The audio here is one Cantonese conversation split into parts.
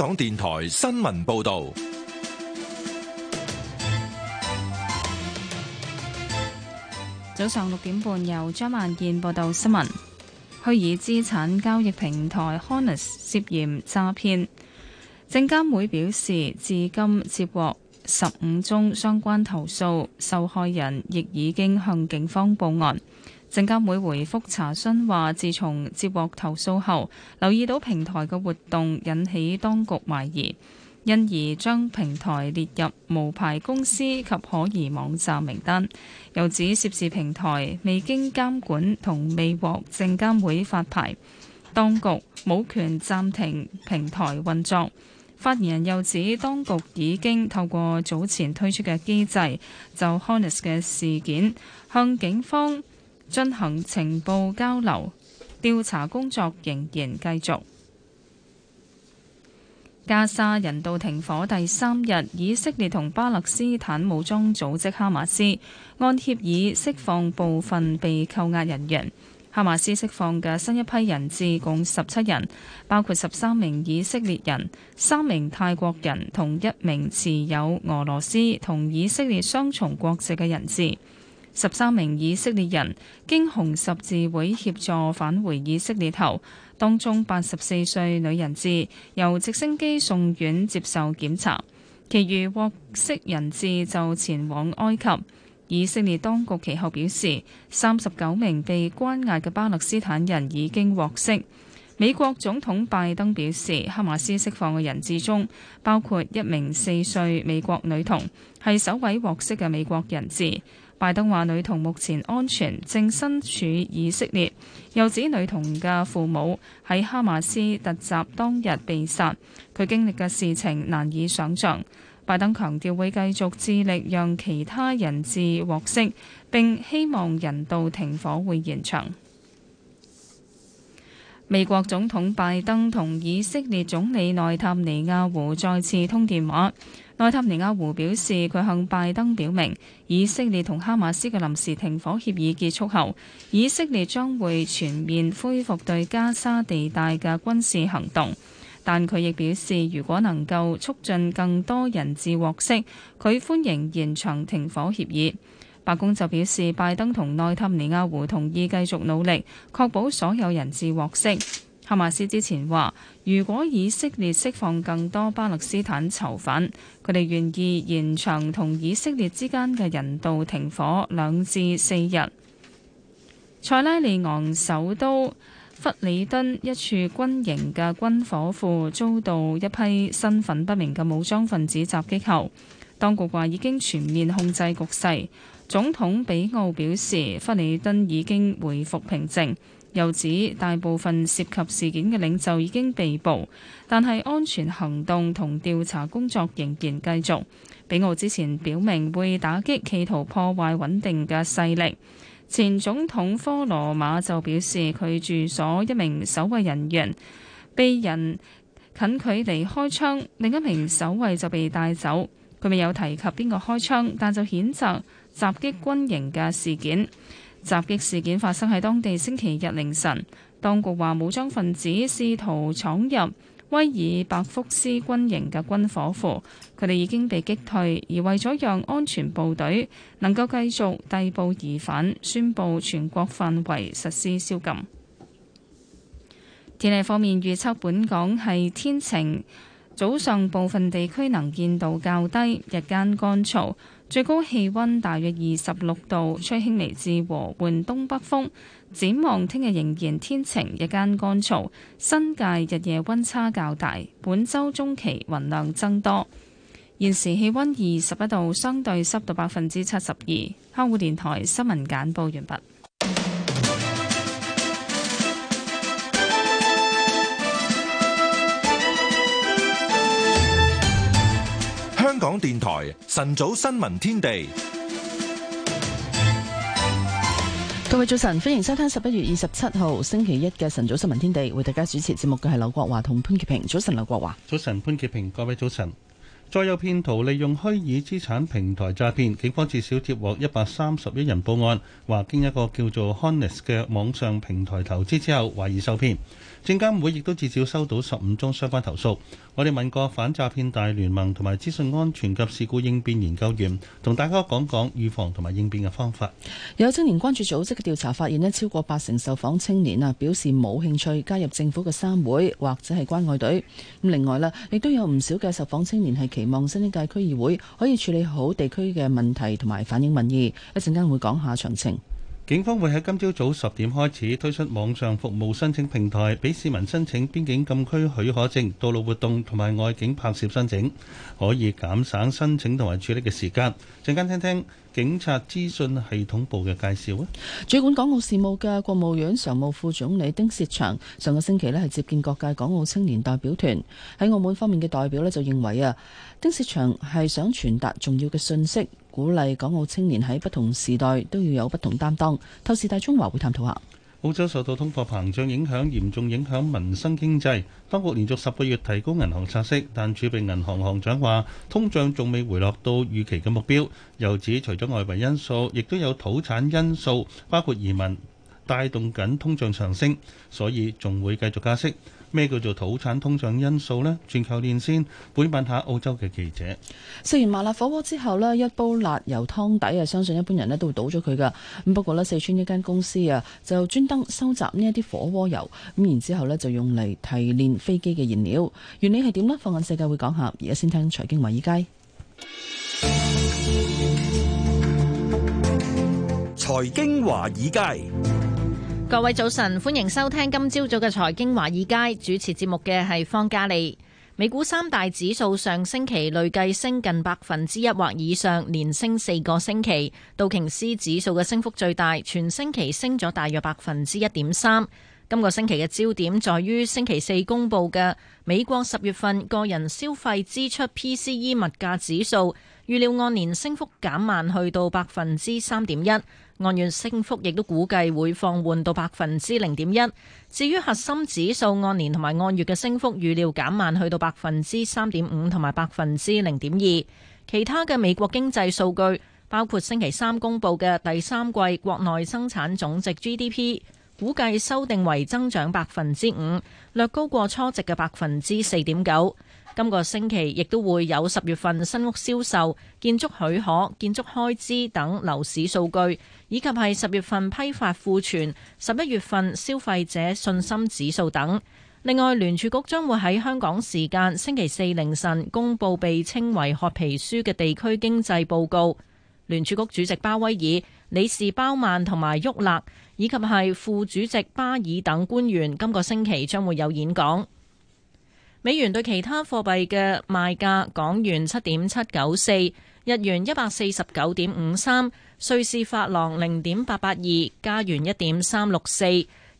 港電台新聞報道，早上六點半由張萬健報道新聞。虛擬資產交易平台 Hounax 涉嫌詐騙，證監會表示至今接獲十五宗相關投訴，受害人亦已經向警方報案。證監會回覆查詢，話自從接獲投訴後，留意到平台嘅活動引起當局懷疑，因而將平台列入無牌公司及可疑網站名單，又指涉事平台未經監管同未獲證監會發牌，當局冇權暫停平台運作。發言人又指，當局已經透過早前推出嘅機制，就 Honest 嘅事件向警方。進行情報交流，調查工作仍然繼續。加沙人道停火第三日，以色列同巴勒斯坦武裝組織哈馬斯按協議釋放部分被扣押人員。哈馬斯釋放嘅新一批人質共十七人，包括十三名以色列人、三名泰國人同一名持有俄羅斯同以色列雙重國籍嘅人質。十三名以色列人經紅十字會協助返回以色列後，當中八十四歲女人質由直升機送院接受檢查，其餘獲釋人質就前往埃及。以色列當局其後表示，三十九名被關押嘅巴勒斯坦人已經獲釋。美國總統拜登表示，哈馬斯釋放嘅人質中包括一名四歲美國女童，係首位獲釋嘅美國人質。拜登話：女童目前安全，正身處以色列。又指女童嘅父母喺哈馬斯突襲當日被殺，佢經歷嘅事情難以想像。拜登強調會繼續致力讓其他人質獲釋，並希望人道停火會延長。美國總統拜登同以色列總理內塔尼亞胡再次通電話。內塔尼亞胡表示，佢向拜登表明，以色列同哈馬斯嘅臨時停火協議結束後，以色列將會全面恢復對加沙地帶嘅軍事行動。但佢亦表示，如果能夠促進更多人質獲釋，佢歡迎延長停火協議。白宮就表示，拜登同內塔尼亞胡同意繼續努力，確保所有人質獲釋。哈馬斯之前話，如果以色列釋放更多巴勒斯坦囚犯，佢哋願意延長同以色列之間嘅人道停火兩至四日。塞拉利昂首都弗里敦一處軍營嘅軍火庫遭到一批身份不明嘅武裝分子襲擊後，當局話已經全面控制局勢。總統比奧表示，弗里敦已經回復平靜。又指大部分涉及事件嘅領袖已經被捕，但係安全行動同調查工作仍然繼續。比奧之前表明會打擊企圖破壞穩定嘅勢力。前總統科羅馬就表示，佢住所一名守衛人員被人近距離開槍，另一名守衛就被帶走。佢未有提及邊個開槍，但就譴責襲擊軍營嘅事件。襲擊事件發生喺當地星期日凌晨，當局話武裝分子試圖闖入威爾伯福斯軍營嘅軍火庫，佢哋已經被擊退，而為咗讓安全部隊能夠繼續逮捕疑犯，宣布全國範圍實施宵禁。天氣方面預測，本港係天晴，早上部分地區能見度較低，日間乾燥。最高氣溫大約二十六度，吹輕微至和緩東北風。展望聽日仍然天晴，日間乾燥，新界日夜溫差較大。本周中期雲量增多。現時氣溫二十一度，相對濕度百分之七十二。香港電台新聞簡報完畢。香港電台晨早新聞天地，各位早晨，歡迎收聽十一月二十七號星期一嘅晨早新聞天地，為大家主持節目嘅係劉國華同潘潔平。早晨，劉國華，早晨，潘潔平，各位早晨。再有騙徒利用虛擬資產平台詐騙，警方至少接獲一百三十一人報案，話經一個叫做 Honest 嘅網上平台投資之後，懷疑受騙。證監會亦都至少收到十五宗相關投訴。我哋問過反詐騙大聯盟同埋資訊安全及事故應變研究院，同大家講講預防同埋應變嘅方法。有青年關注組織嘅調查發現咧，超過八成受訪青年啊表示冇興趣加入政府嘅三會或者係關愛隊。咁另外咧，亦都有唔少嘅受訪青年係期望新一屆區議會可以處理好地區嘅問題同埋反映民意。一陣間會講下詳情。警方會喺今朝早十點開始推出網上服務申請平台，俾市民申請邊境禁區許可證、道路活動同埋外景拍攝申請，可以減省申請同埋處理嘅時間。陣間聽聽警察資訊系統部嘅介紹啊！主管港澳事務嘅國務院常務副總理丁薛祥上個星期呢係接見各界港澳青年代表團，喺澳門方面嘅代表呢就認為啊，丁薛祥係想傳達重要嘅信息。鼓勵港澳青年喺不同時代都要有不同擔當。透視大中華會探討下澳洲受到通貨膨脹影響，嚴重影響民生經濟。當局連續十個月提高銀行拆息，但儲備銀行行長話通脹仲未回落到預期嘅目標。又指除咗外圍因素，亦都有土產因素，包括移民帶動緊通脹上升，所以仲會繼續加息。咩叫做土產通脹因素呢？全球連線，會問下澳洲嘅記者。食完麻辣火鍋之後呢，一煲辣油湯底啊，相信一般人咧，都會倒咗佢噶。咁不過呢，四川一間公司啊，就專登收集呢一啲火鍋油，咁然之後呢就用嚟提煉飛機嘅燃料。原理係點呢？放眼世界會講下。而家先聽財經華爾街。財經華爾街。各位早晨，歡迎收聽今朝早嘅財經華爾街。主持節目嘅係方嘉莉。美股三大指數上星期累計升近百分之一或以上，連升四個星期。道瓊斯指數嘅升幅最大，全星期升咗大約百分之一點三。今個星期嘅焦點在於星期四公布嘅美國十月份個人消費支出 PCE 物價指數，預料按年升幅減慢去到百分之三點一。按月升幅亦都估計會放緩到百分之零點一。至於核心指數按年同埋按月嘅升幅預料減慢去到百分之三點五同埋百分之零點二。其他嘅美國經濟數據，包括星期三公佈嘅第三季國內生產總值 GDP，估計修訂為增長百分之五，略高過初值嘅百分之四點九。今個星期亦都會有十月份新屋銷售、建築許可、建築開支等樓市數據，以及係十月份批發庫存、十一月份消費者信心指數等。另外，聯儲局將會喺香港時間星期四凌晨公布被稱為褐皮書嘅地區經濟報告。聯儲局主席鮑威爾、理事鮑曼同埋沃勒，以及係副主席巴爾等官員，今、這個星期將會有演講。美元對其他貨幣嘅賣價：港元七點七九四，日元一百四十九點五三，瑞士法郎零點八八二，加元一點三六四，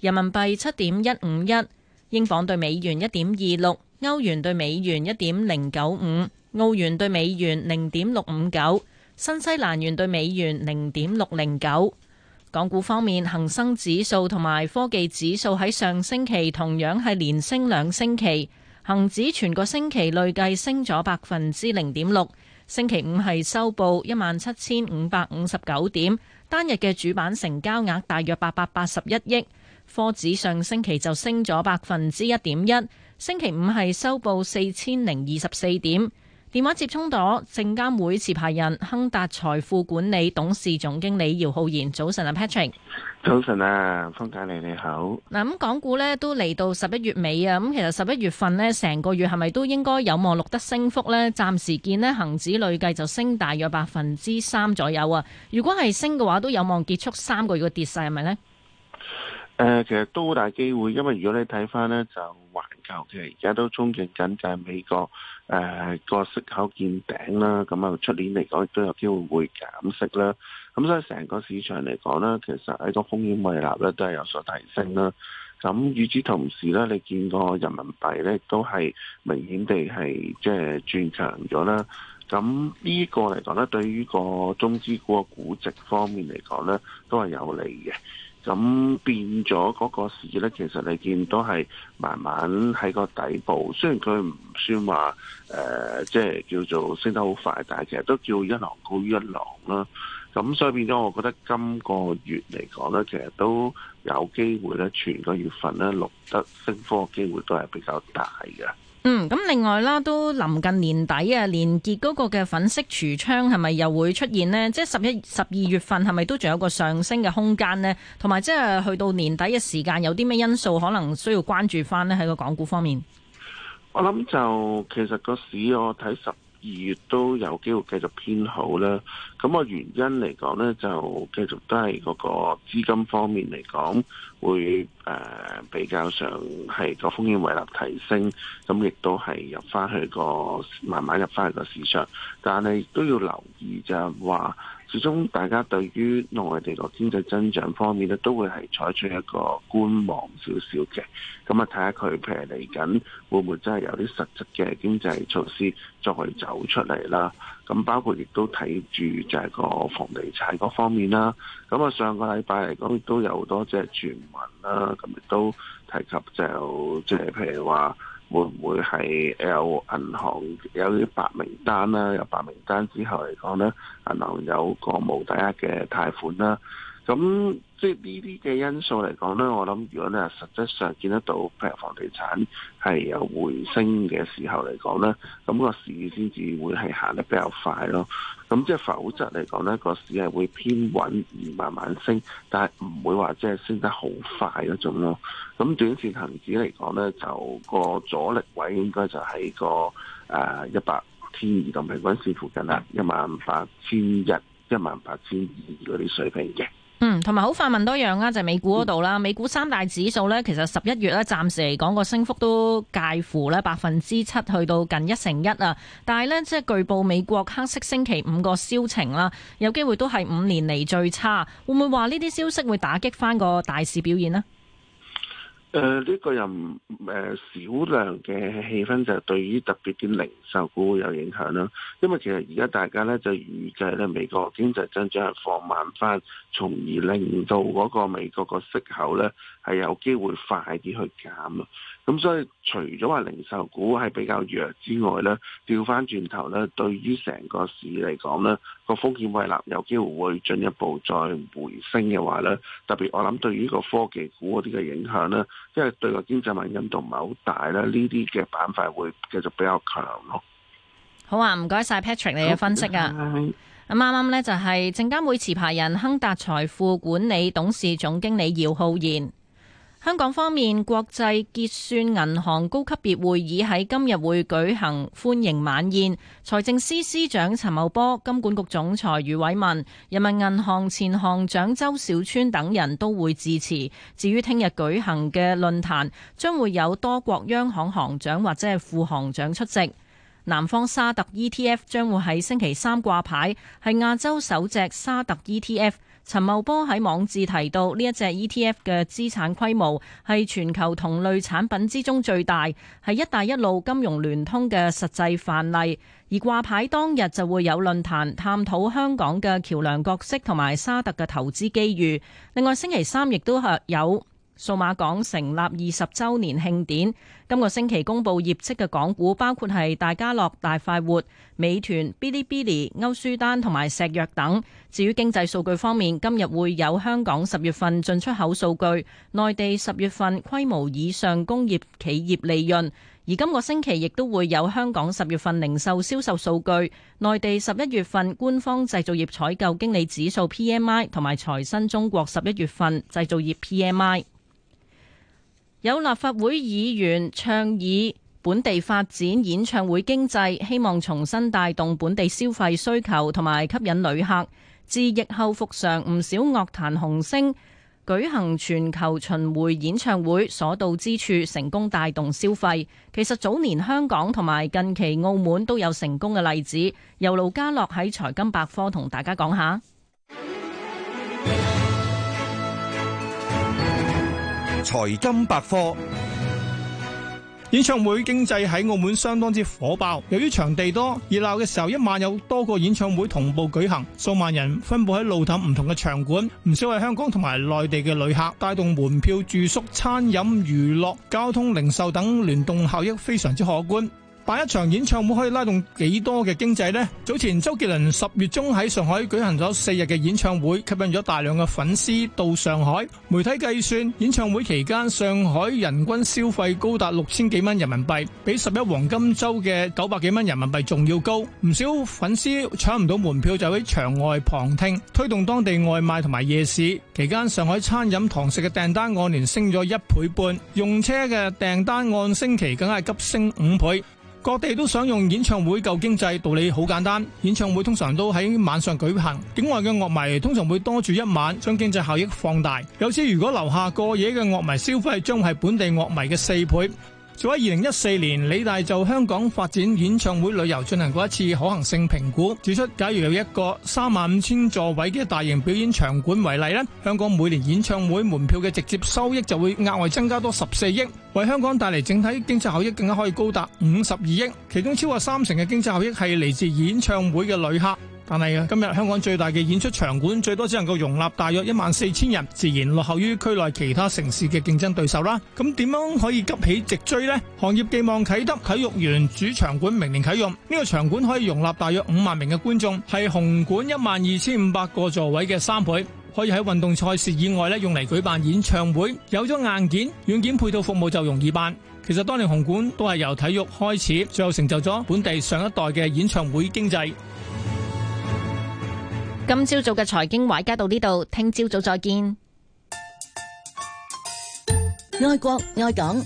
人民幣七點一五一，英鎊對美元一點二六，歐元對美元一點零九五，澳元對美元零點六五九，新西蘭元對美元零點六零九。港股方面，恒生指數同埋科技指數喺上星期同樣係連升兩星期。恒指全個星期累計升咗百分之零點六，星期五係收報一萬七千五百五十九點，單日嘅主板成交額大約八百八十一億。科指上星期就升咗百分之一點一，星期五係收報四千零二十四點。電話接通咗，證監會持牌人亨達財富管理董事總經理姚浩然，早晨啊，Patrick。早晨啊，方太利你好。嗱，咁港股咧都嚟到十一月尾啊，咁其實十一月份咧成個月係咪都應該有望錄得升幅咧？暫時見呢，恒指累計就升大約百分之三左右啊。如果係升嘅話，都有望結束三個月嘅跌勢，係咪咧？誒、呃，其實都好大機會，因為如果你睇翻咧，就環球其實而家都衝擊緊，就係美國。誒、呃，那個息口見頂啦，咁啊出年嚟講亦都有機會會減息啦。咁所以成個市場嚟講呢，其實喺個風險胃納呢都係有所提升啦。咁與此同時呢，你見個人民幣呢都係明顯地係即係轉強咗啦。咁呢個嚟講呢，對於個中資股嘅估值方面嚟講呢，都係有利嘅。咁變咗嗰個市咧，其實你見到係慢慢喺個底部，雖然佢唔算話誒，即、呃、係、係、叫做升得好快，但係其實都叫一浪高於一浪啦、啊。咁所以變咗，我覺得今個月嚟講咧，其實都有機會咧，全個月份咧錄得升科嘅機會都係比較大嘅。嗯，咁另外啦，都臨近年底啊，年結嗰個嘅粉飾櫥窗係咪又會出現呢？即係十一、十二月份係咪都仲有個上升嘅空間呢？同埋即係去到年底嘅時間，有啲咩因素可能需要關注翻呢？喺個港股方面，我諗就其實個市我睇十。二月都有機會繼續偏好啦。咁個原因嚟講呢，就繼續都係嗰個資金方面嚟講，會誒、呃、比較上係個風險胃納提升，咁亦都係入翻去個慢慢入翻去個市場，但係都要留意就係話。始終大家對於內地個經濟增長方面咧，都會係採取一個觀望少少嘅。咁、嗯、啊，睇下佢譬如嚟緊會唔會真係有啲實質嘅經濟措施再走出嚟啦。咁、嗯、包括亦都睇住就係個房地產嗰方面啦。咁、嗯、啊，上個禮拜嚟講亦都有多隻傳聞啦，咁、嗯、亦都提及就即係譬如話。會唔會係有銀行有啲白名單啦？有白名單之後嚟講咧，銀行有個無抵押嘅貸款啦。咁即係呢啲嘅因素嚟講咧，我諗如果你係實質上見得到譬如房地產係有回升嘅時候嚟講咧，咁個市先至會係行得比較快咯。咁即係否則嚟講咧，個市係會偏穩而慢慢升，但係唔會話即係升得好快嗰種咯。咁短線恒指嚟講咧，就個阻力位應該就喺個誒一百天移動平均線附近啦，一萬八千一、一萬八千二嗰啲水平嘅。嗯，同埋好快問多樣啦，就係美股嗰度啦。美股三大指數呢，其實十一月呢，暫時嚟講個升幅都介乎呢百分之七，去到近一成一啊。但係呢，即係據報美國黑色星期五個銷情啦，有機會都係五年嚟最差，會唔會話呢啲消息會打擊翻個大市表現呢？誒，呢個又唔誒少量嘅氣氛就對於特別啲零售股會有影響啦，因為其實而家大家咧，就預計咧，美國經濟增長係放慢翻，從而令到嗰個美國個息口咧。係有機會快啲去減咯，咁所以除咗話零售股係比較弱之外咧，調翻轉頭咧，對於成個市嚟講咧，個風險位立有機會會進一步再回升嘅話咧，特別我諗對於呢個科技股嗰啲嘅影響咧，因為對個經濟敏感度唔係好大咧，呢啲嘅板塊會繼續比較強咯。好啊，唔該晒 Patrick 你嘅分析啊。咁啱啱咧就係證監會持牌人亨達財富管理董事總經理姚浩然。香港方面，國際結算銀行高級別會議喺今日會舉行歡迎晚宴，財政司司長陳茂波、金管局總裁余偉文、人民銀行前行長周小川等人都會致辭，至於聽日舉行嘅論壇將會有多國央行行長或者係副行長出席。南方沙特 ETF 將會喺星期三掛牌，係亞洲首隻沙特 ETF。陳茂波喺網誌提到呢一隻 ETF 嘅資產規模係全球同類產品之中最大，係“一帶一路”金融聯通嘅實際範例。而掛牌當日就會有論壇探討香港嘅橋樑角色同埋沙特嘅投資機遇。另外星期三亦都係有。數碼港成立二十周年慶典。今個星期公布業績嘅港股包括係大家樂、大快活、美團、嗶哩嗶哩、歐舒丹同埋石藥等。至於經濟數據方面，今日會有香港十月份進出口數據、內地十月份規模以上工業企業利潤，而今個星期亦都會有香港十月份零售銷售數據、內地十一月份官方製造業採購經理指數 PMI 同埋財新中國十一月份製造業 PMI。有立法會議員倡議本地發展演唱會經濟，希望重新帶動本地消費需求同埋吸引旅客。自疫後復常，唔少樂壇紅星舉行全球巡迴演唱會，所到之處成功帶動消費。其實早年香港同埋近期澳門都有成功嘅例子。由盧家樂喺財經百科同大家講下。財金百科，演唱會經濟喺澳門相當之火爆。由於場地多，熱鬧嘅時候一晚有多個演唱會同步舉行，數萬人分佈喺路氹唔同嘅場館，唔少係香港同埋內地嘅旅客，帶動門票、住宿、餐飲、娛樂、交通、零售等聯動效益非常之可觀。辦一場演唱會可以拉動幾多嘅經濟呢？早前周杰倫十月中喺上海舉行咗四日嘅演唱會，吸引咗大量嘅粉絲到上海。媒體計算演唱會期間上海人均消費高達六千幾蚊人民幣，比十一黃金周嘅九百幾蚊人民幣仲要高。唔少粉絲搶唔到門票就喺場外旁聽，推動當地外賣同埋夜市。期間上海餐飲堂食嘅訂單按年升咗一倍半，用車嘅訂單按星期更係急升五倍。各地都想用演唱會救經濟，道理好簡單。演唱會通常都喺晚上舉行，境外嘅樂迷通常會多住一晚，將經濟效益放大。有時如果留下過夜嘅樂迷消費，將係本地樂迷嘅四倍。早喺二零一四年，理大就香港發展演唱會旅遊進行過一次可行性評估，指出假如有一個三萬五千座位嘅大型表演場館為例呢，香港每年演唱會門票嘅直接收益就會額外增加多十四億，為香港帶嚟整體經濟效益更加可以高達五十二億，其中超過三成嘅經濟效益係嚟自演唱會嘅旅客。但係今日香港最大嘅演出場館最多只能夠容納大約一萬四千人，自然落後於區內其他城市嘅競爭對手啦。咁點樣可以急起直追呢？行業寄望啟德體育園主場館明年啟用，呢個場館可以容納大約五萬名嘅觀眾，係紅館一萬二千五百個座位嘅三倍，可以喺運動賽事以外咧用嚟舉辦演唱會。有咗硬件、軟件配套服務就容易辦。其實當年紅館都係由體育開始，最後成就咗本地上一代嘅演唱會經濟。今朝早嘅財經話家到呢度，聽朝早再見。愛國愛港，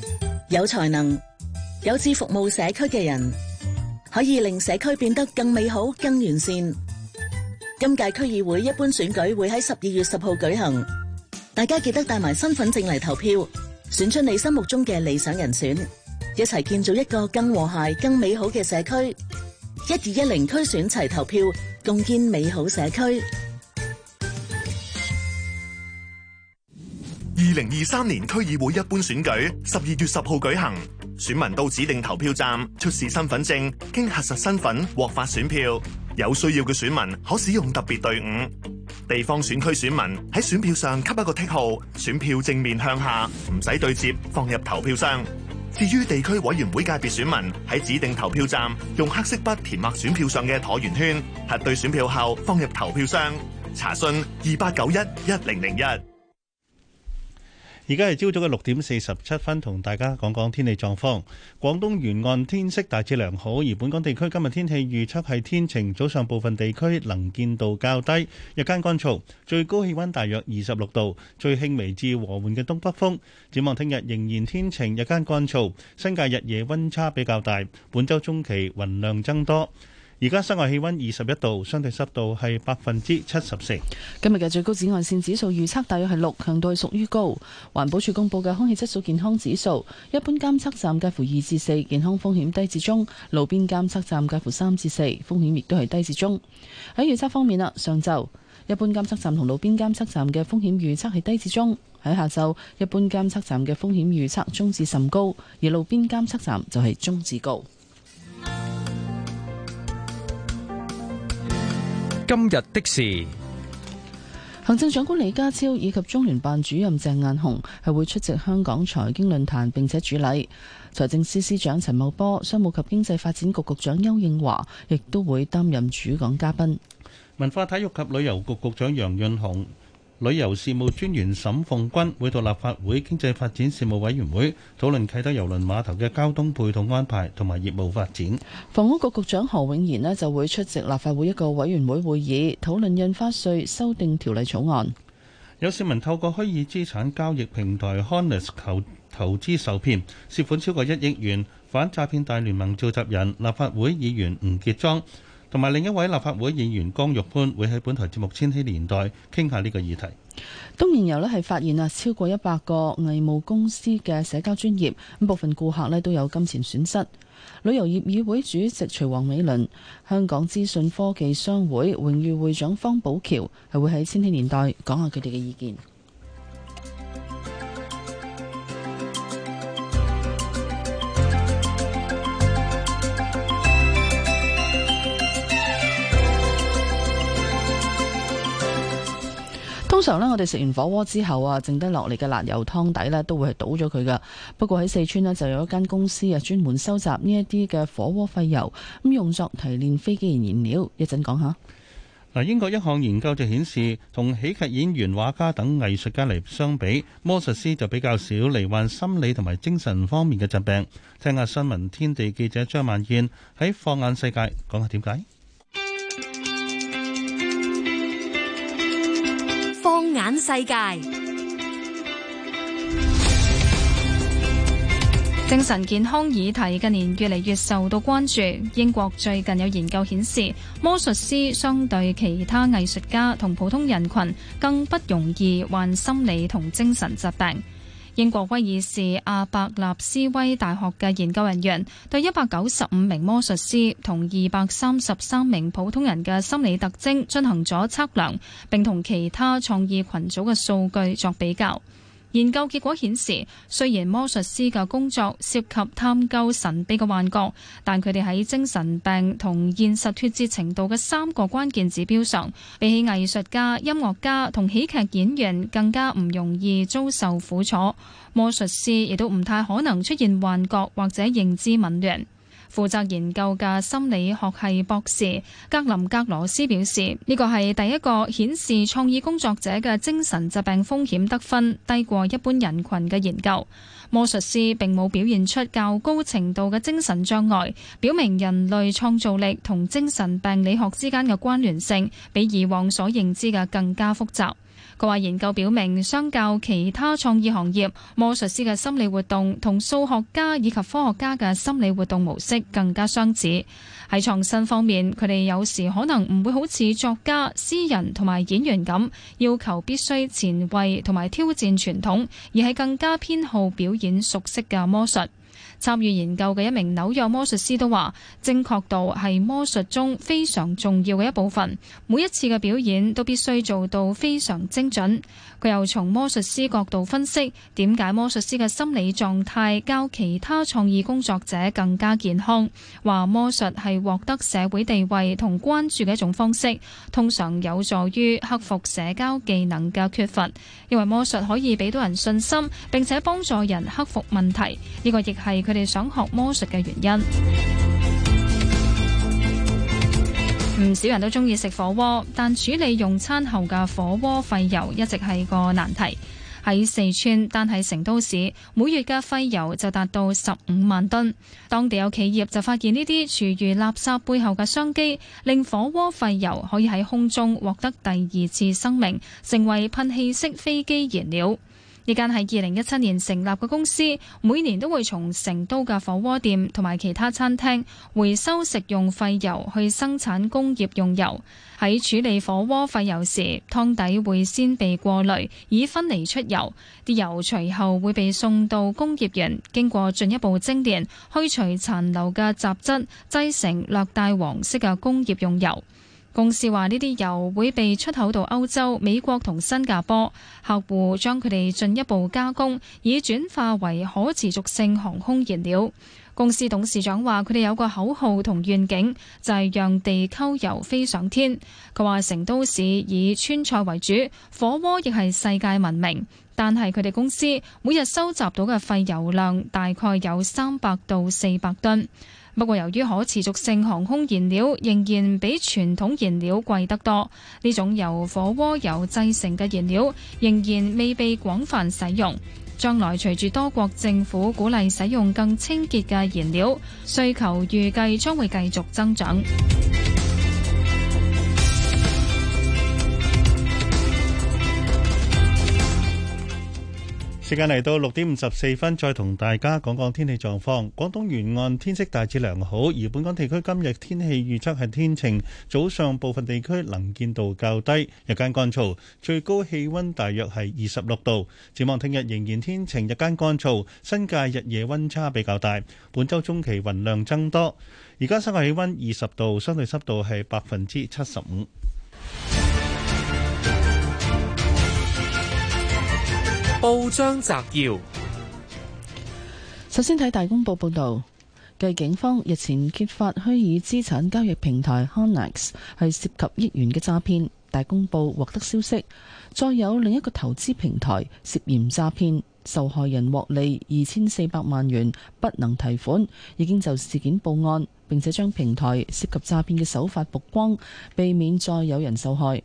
有才能、有志服務社區嘅人，可以令社區變得更美好、更完善。今屆區議會一般選舉會喺十二月十號舉行，大家記得帶埋身份證嚟投票，選出你心目中嘅理想人選，一齊建造一個更和諧、更美好嘅社區。一二一零區選齊投票。共建美好社區。二零二三年區議會一般選舉十二月十號舉行，選民到指定投票站出示身份證，經核實身份獲發選票。有需要嘅選民可使用特別隊伍。地方選區選民喺選票上給一個剔號，選票正面向下，唔使對摺，放入投票箱。至於地區委員會界別選民喺指定投票站用黑色筆填墨選票上嘅橢圓圈，核對選票後放入投票箱。查詢二八九一一零零一。而家係朝早嘅六點四十七分，同大家講講天氣狀況。廣東沿岸天色大致良好，而本港地區今日天氣預測係天晴，早上部分地區能見度較低，日間乾燥，最高氣温大約二十六度，最輕微至和緩嘅東北風。展望聽日仍然天晴，日間乾燥，新界日夜温差比較大。本周中期雲量增多。而家室外氣溫二十一度，相對濕度係百分之七十四。今日嘅最高紫外線指數預測大約係六，強度係屬於高。環保署公布嘅空氣質素健康指數，一般監測站介乎二至四，健康風險低至中；路邊監測站介乎三至四，風險亦都係低至中。喺預測方面啦，上晝一般監測站同路邊監測站嘅風險預測係低至中；喺下晝，一般監測站嘅風險預測中至甚高，而路邊監測站就係中至高。今日的事，行政長官李家超以及中聯辦主任鄭雁雄係會出席香港財經論壇，並且主禮。財政司司長陳茂波、商務及經濟發展局局長丘應樺亦都會擔任主講嘉賓。文化體育及旅遊局局長楊潤雄。旅遊事務專員沈鳳君會到立法會經濟發展事務委員會討論啟德郵輪碼頭嘅交通配套安排同埋業務發展。房屋局局長何永賢咧就會出席立法會一個委員會會議，討論印花稅修訂條例草案。有市民透過虛擬資產交易平台 Hounax 投投資受騙，涉款超過一億元。反詐騙大聯盟召集人、立法會議員吳傑莊。同埋另一位立法會議員江玉歡會喺本台節目《千禧年代》傾下呢個議題。東瀛遊呢係發現啊，超過一百個偽冒公司嘅社交專業，咁部分顧客呢都有金錢損失。旅遊業議會主席徐王美倫、香港資訊科技商會榮譽會長方保僑係會喺《千禧年代》講下佢哋嘅意見。通常我哋食完火鍋之後啊，剩低落嚟嘅辣油湯底咧，都會係倒咗佢噶。不過喺四川咧，就有一間公司啊，專門收集呢一啲嘅火鍋廢油，咁用作提煉飛機燃料。一陣講下。嗱，英國一項研究就顯示，同喜劇演員、畫家等藝術家嚟相比，魔術師就比較少罹患心理同埋精神方面嘅疾病。聽下新聞天地記者張萬燕喺放眼世界講下點解。放眼世界，精神健康議題近年越嚟越受到關注。英國最近有研究顯示，魔術師相對其他藝術家同普通人群更不容易患心理同精神疾病。英國威爾士阿伯納斯威大學嘅研究人員對一百九十五名魔術師同二百三十三名普通人嘅心理特徵進行咗測量，並同其他創意群組嘅數據作比較。研究結果顯示，雖然魔術師嘅工作涉及探究神秘嘅幻覺，但佢哋喺精神病同現實脫節程度嘅三個關鍵指標上，比起藝術家、音樂家同喜劇演員更加唔容易遭受苦楚。魔術師亦都唔太可能出現幻覺或者認知紊亂。負責研究嘅心理學系博士格林格羅斯表示：呢個係第一個顯示創意工作者嘅精神疾病風險得分低過一般人群嘅研究。魔術師並冇表現出較高程度嘅精神障礙，表明人類創造力同精神病理學之間嘅關聯性比以往所認知嘅更加複雜。佢話研究表明，相較其他創意行業，魔術師嘅心理活動同數學家以及科學家嘅心理活動模式更加相似。喺創新方面，佢哋有時可能唔會好似作家、詩人同埋演員咁，要求必須前衛同埋挑戰傳統，而係更加偏好表演熟悉嘅魔術。參與研究嘅一名紐約魔術師都話，正確度係魔術中非常重要嘅一部分，每一次嘅表演都必須做到非常精準。佢又從魔術師角度分析，點解魔術師嘅心理狀態較其他創意工作者更加健康。話魔術係獲得社會地位同關注嘅一種方式，通常有助於克服社交技能嘅缺乏。認為魔術可以俾到人信心，並且幫助人克服問題。呢、這個亦係佢。哋想學魔術嘅原因。唔少人都中意食火鍋，但處理用餐後嘅火鍋廢油一直係個難題。喺四川，單喺成都市，每月嘅廢油就達到十五萬噸。當地有企業就發現呢啲廚餘垃圾背後嘅商機，令火鍋廢油可以喺空中獲得第二次生命，成為噴氣式飛機燃料。呢間係二零一七年成立嘅公司，每年都會從成都嘅火鍋店同埋其他餐廳回收食用廢油，去生產工業用油。喺處理火鍋廢油時，湯底會先被過濾，以分離出油。啲油隨後會被送到工業園，經過進一步精煉，去除殘留嘅雜質，製成略帶黃色嘅工業用油。公司話呢啲油會被出口到歐洲、美國同新加坡，客戶將佢哋進一步加工，以轉化為可持續性航空燃料。公司董事長話：佢哋有個口號同願景，就係讓地溝油飛上天。佢話成都市以川菜為主，火鍋亦係世界聞名，但係佢哋公司每日收集到嘅廢油量大概有三百到四百噸。不過，由於可持續性航空燃料仍然比傳統燃料貴得多，呢種由火鍋油製成嘅燃料仍然未被廣泛使用。將來隨住多國政府鼓勵使用更清潔嘅燃料，需求預計將會繼續增長。時間嚟到六點五十四分，再同大家講講天氣狀況。廣東沿岸天色大致良好，而本港地區今日天氣預測係天晴，早上部分地區能見度較低，日間乾燥，最高氣溫大約係二十六度。展望聽日仍然天晴，日間乾燥，新界日夜温差比較大。本周中期雲量增多，而家室外氣溫二十度，相對濕度係百分之七十五。報章摘要，首先睇大公報報道，繼警方日前揭發虛擬資產交易平台 Hounax 係涉及億元嘅詐騙，大公報獲得消息，再有另一個投資平台涉嫌詐騙，受害人獲利二千四百萬元不能提款，已經就事件報案，並且將平台涉及詐騙嘅手法曝光，避免再有人受害。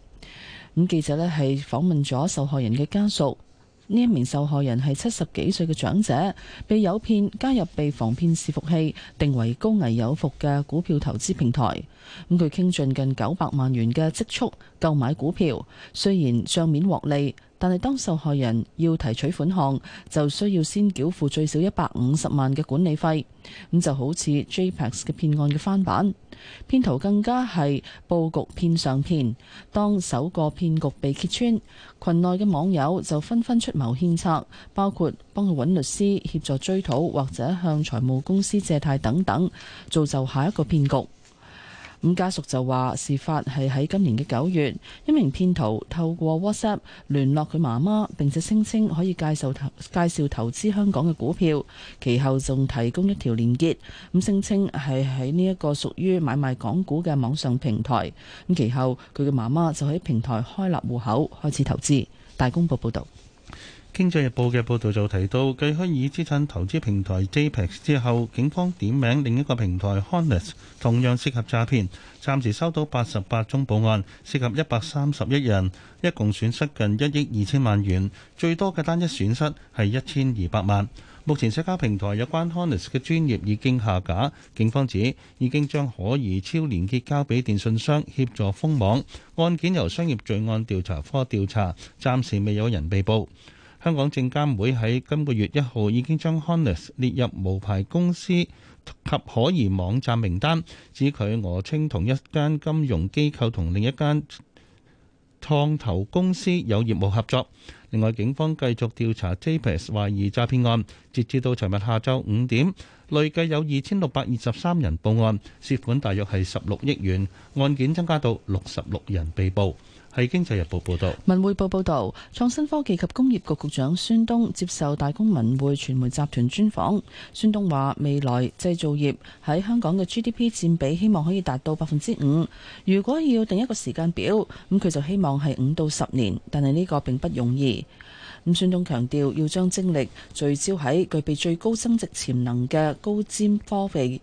咁記者呢係訪問咗受害人嘅家屬。呢一名受害人係七十幾歲嘅長者，被誘騙加入被防騙視伏器，定為高危有伏嘅股票投資平台。咁佢傾盡近九百萬元嘅積蓄購買股票，雖然賬面獲利，但係當受害人要提取款項，就需要先繳付最少一百五十萬嘅管理費。咁就好似 JPEX 嘅騙案嘅翻版，騙徒更加係佈局騙上騙。當首個騙局被揭穿，群內嘅網友就紛紛出謀獻策，包括幫佢揾律師協助追討，或者向財務公司借貸等等，造就下一個騙局。咁家屬就話，事發係喺今年嘅九月，一名騙徒透過 WhatsApp 聯絡佢媽媽，並且聲稱可以介紹介紹投資香港嘅股票，其後仲提供一條連結，咁聲稱係喺呢一個屬於買賣港股嘅網上平台，咁其後佢嘅媽媽就喺平台開立戶口，開始投資。大公報報道。經濟日報嘅報導就提到，繼虛擬資產投資平台 JPEX 之後，警方點名另一個平台 h o n e s t 同樣涉合詐騙。暫時收到八十八宗保案，涉及一百三十一人，一共損失近一億二千萬元，最多嘅單一損失係一千二百萬。目前社交平台有關 h o n e s t 嘅專業已經下架，警方指已經將可疑超連結交俾電信商協助封網。案件由商業罪案調查科調查，暫時未有人被捕。香港證監會喺今個月一號已經將 Honest 列入無牌公司及可疑網站名單，指佢訛稱同一間金融機構同另一間創投公司有業務合作。另外，警方繼續調查 JPEX 懷疑詐騙案，截至到尋日下晝五點，累計有二千六百二十三人報案，涉款大約係十六億元，案件增加到六十六人被捕。係《經濟日報》報道，文匯報報道，創新科技及工業局局長孫東接受大公文匯傳媒集團專訪。孫東話：未來製造業喺香港嘅 GDP 佔比希望可以達到百分之五。如果要定一個時間表，咁佢就希望係五到十年，但係呢個並不容易。咁孫東強調，要將精力聚焦喺具備最高增值潛能嘅高尖科技。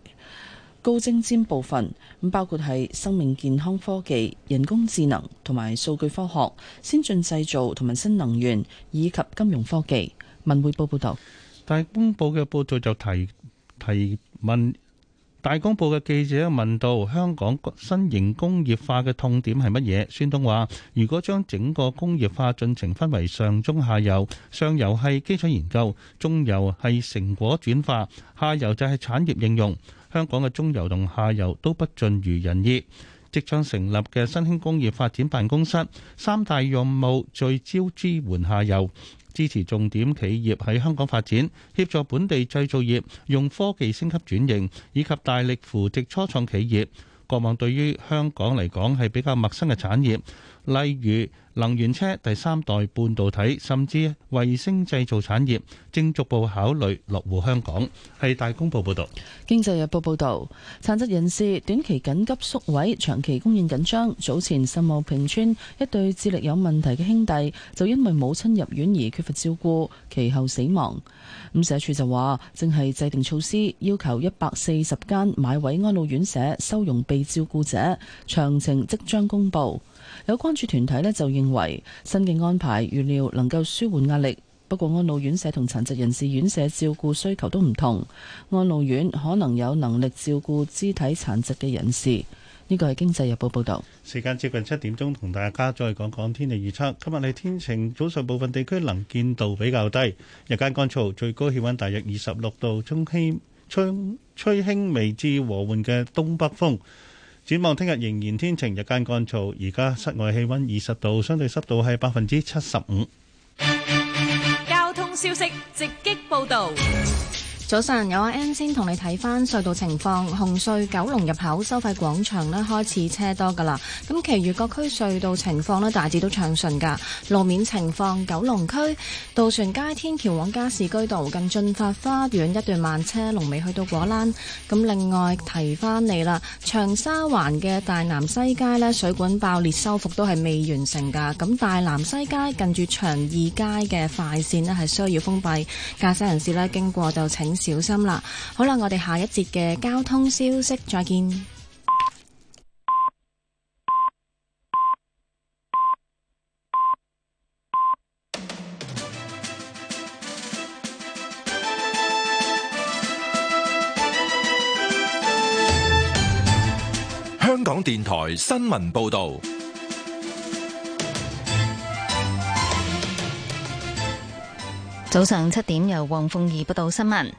高精尖部分咁包括係生命健康科技、人工智能同埋數據科學、先進製造同埋新能源以及金融科技。文匯報報道，大公報嘅報道就提提問，大公報嘅記者問到香港新型工業化嘅痛點係乜嘢？孫東話：如果將整個工業化進程分為上中下游，上游係基礎研究，中游係成果轉化，下游就係產業應用。香港嘅中游同下游都不盡如人意，即將成立嘅新興工業發展辦公室，三大任務聚焦支援下游，支持重點企業喺香港發展，協助本地製造業用科技升級轉型，以及大力扶植初創企業。過往對於香港嚟講係比較陌生嘅產業，例如能源車、第三代半導體，甚至衛星製造產業，正逐步考慮落戶香港。係大公報報導。經濟日報報導，殘疾人士短期緊急宿位，長期供應緊張。早前秀茂坪村一對智力有問題嘅兄弟，就因為母親入院而缺乏照顧，其後死亡。咁社署就話正係制定措施，要求一百四十間買位安老院舍收容被照顧者，詳情即將公布。有關注團體咧就認為新嘅安排預料能夠舒緩壓力，不過安老院舍同殘疾人士院舍照顧需求都唔同，安老院可能有能力照顧肢體殘疾嘅人士。呢個係《經濟日報》報道，時間接近七點鐘，同大家再講講天氣預測。今日係天晴，早上部分地區能見度比較低，日間乾燥，最高氣溫大約二十六度，吹輕吹吹輕微至和緩嘅東北風。展望聽日仍然天晴，日間乾燥，而家室外氣溫二十度，相對濕度係百分之七十五。交通消息直擊報道。早晨，有阿 N 先同你睇翻隧道情況，紅隧九龍入口收費廣場咧，開始車多噶啦。咁，其餘各區隧道情況咧大致都暢順噶。路面情況，九龍區渡船街天橋往加士居道近駿發花園一段慢車龍尾去到果欄。咁另外提翻你啦，長沙灣嘅大南西街咧，水管爆裂修復都係未完成噶。咁大南西街近住長義街嘅快綫咧係需要封閉，駕駛人士咧經過就請。小心啦！好啦，我哋下一節嘅交通消息再見。香港電台新聞報道，早上七點由黃鳳儀報道新聞。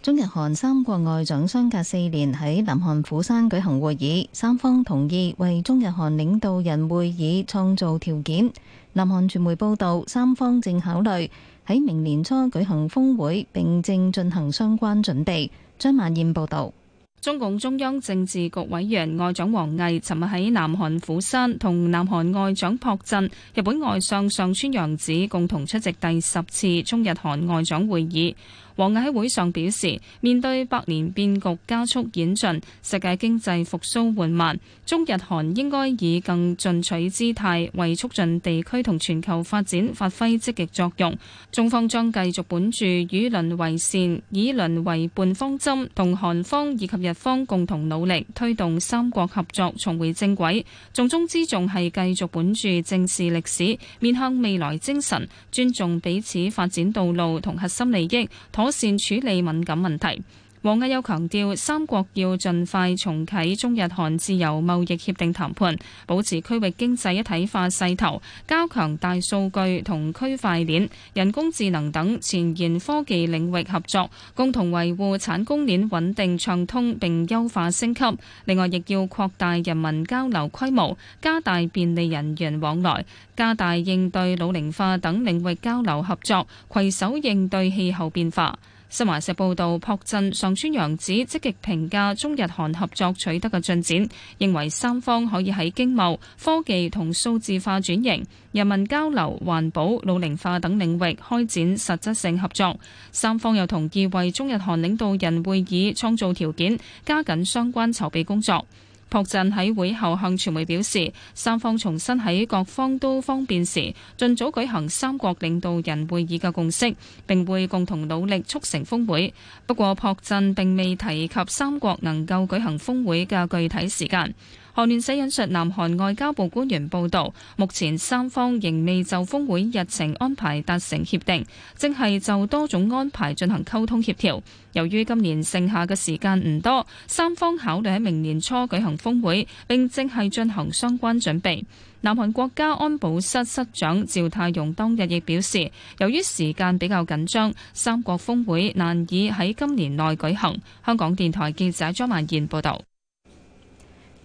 中日韓三國外長相隔四年喺南韓釜山舉行會議，三方同意為中日韓領導人會議創造條件。南韓傳媒報道，三方正考慮喺明年初舉行峰會，並正進行相關準備。張曼燕報導，中共中央政治局委員外長王毅尋日喺南韓釜山同南韓外長朴振、日本外相上川陽子共同出席第十次中日韓外長會議。王毅喺會上表示，面對百年變局加速演進，世界經濟復甦緩慢，中日韓應該以更進取姿態為促進地區同全球發展發揮積極作用。中方將繼續秉持與鄰為善、以鄰為伴方針同韓方以及日方共同努力，推動三國合作重回正軌，重中之重係繼續秉持正視歷史、面向未來精神，尊重彼此發展道路同核心利益，妥善處理敏感問題。王毅又強調，三國要盡快重啟中日韓自由貿易協定談判，保持區域經濟一體化勢頭，加強大數據同區塊鏈、人工智能等前沿科技領域合作，共同維護產供鏈穩定暢通並優化升級。另外，亦要擴大人民交流規模，加大便利人員往來，加大應對老齡化等領域交流合作，攜手應對氣候變化。新華社報道，朴振、上川陽子積極評價中日韓合作取得嘅進展，認為三方可以喺經貿、科技同數字化轉型、人民交流、環保、老齡化等領域開展實質性合作。三方又同意為中日韓領導人會議創造條件，加緊相關籌備工作。朴振喺會後向傳媒表示，三方重新喺各方都方便時，盡早舉行三國領導人會議嘅共識，並會共同努力促成峰會。不過，朴振並未提及三國能夠舉行峰會嘅具體時間。韓聯社引述南韓外交部官員報道，目前三方仍未就峰會日程安排達成協定，正係就多種安排進行溝通協調。由於今年剩下嘅時間唔多，三方考慮喺明年初舉行峰會，並正係進行相關準備。南韓國家安保室室長趙泰容當日亦表示，由於時間比較緊張，三國峰會難以喺今年內舉行。香港電台記者張曼燕報導。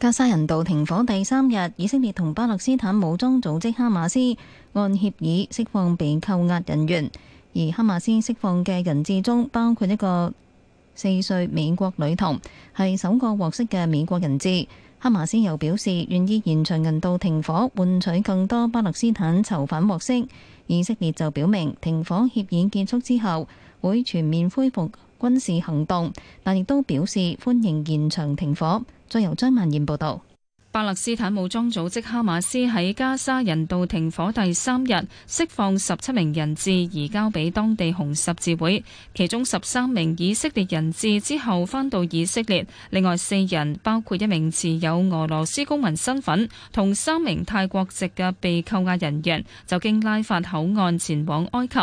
加沙人道停火第三日，以色列同巴勒斯坦武裝組織哈馬斯按協議釋放被扣押人員，而哈馬斯釋放嘅人質中包括一個四歲美國女童，係首個獲釋嘅美國人質。哈馬斯又表示願意延長人道停火，換取更多巴勒斯坦囚犯獲釋，以色列就表明停火協議結束之後會全面恢復軍事行動，但亦都表示歡迎延長停火。再由張萬燕報道，巴勒斯坦武裝組織哈馬斯喺加沙人道停火第三日釋放十七名人質，移交俾當地紅十字會，其中十三名以色列人質之後翻到以色列，另外四人包括一名持有俄羅斯公民身份同三名泰國籍嘅被扣押人員，就經拉法口岸前往埃及。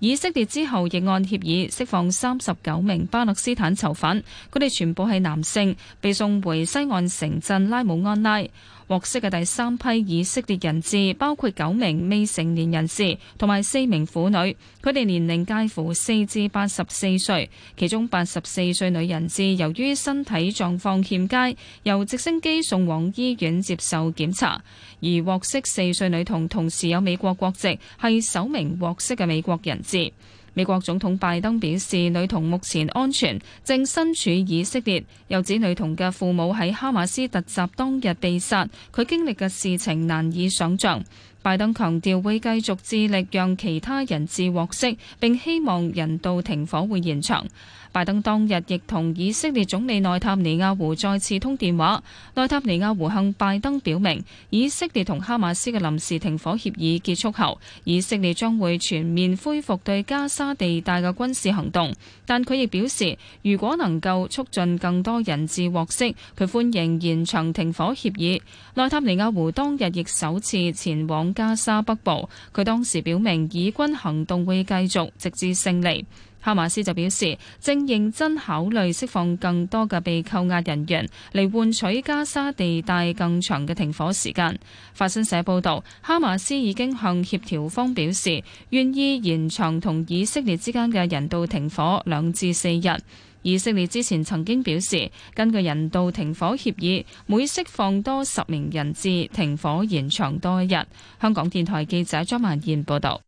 以色列之後亦按協議釋放三十九名巴勒斯坦囚犯，佢哋全部係男性，被送回西岸城鎮拉姆安拉。獲釋嘅第三批以色列人質包括九名未成年人士同埋四名婦女，佢哋年齡介乎四至八十四歲，其中八十四歲女人質由於身體狀況欠佳，由直升機送往醫院接受檢查，而獲釋四歲女童同，同時有美國國籍，係首名獲釋嘅美國人質。美國總統拜登表示，女童目前安全，正身處以色列。又指女童嘅父母喺哈馬斯突襲當日被殺，佢經歷嘅事情難以想象。拜登強調會繼續致力讓其他人質獲釋，並希望人道停火會延長。拜登當日亦同以色列總理內塔尼亞胡再次通電話，內塔尼亞胡向拜登表明，以色列同哈馬斯嘅臨時停火協議結束後，以色列將會全面恢復對加沙地帶嘅軍事行動。但佢亦表示，如果能夠促進更多人質獲釋，佢歡迎延長停火協議。內塔尼亞胡當日亦首次前往加沙北部，佢當時表明，以軍行動會繼續直至勝利。哈馬斯就表示，正認真考慮釋放更多嘅被扣押人員，嚟換取加沙地帶更長嘅停火時間。法新社報導，哈馬斯已經向協調方表示，願意延長同以色列之間嘅人道停火兩至四日。以色列之前曾經表示，根據人道停火協議，每釋放多十名人質，停火延長多一日。香港電台記者張曼燕報導。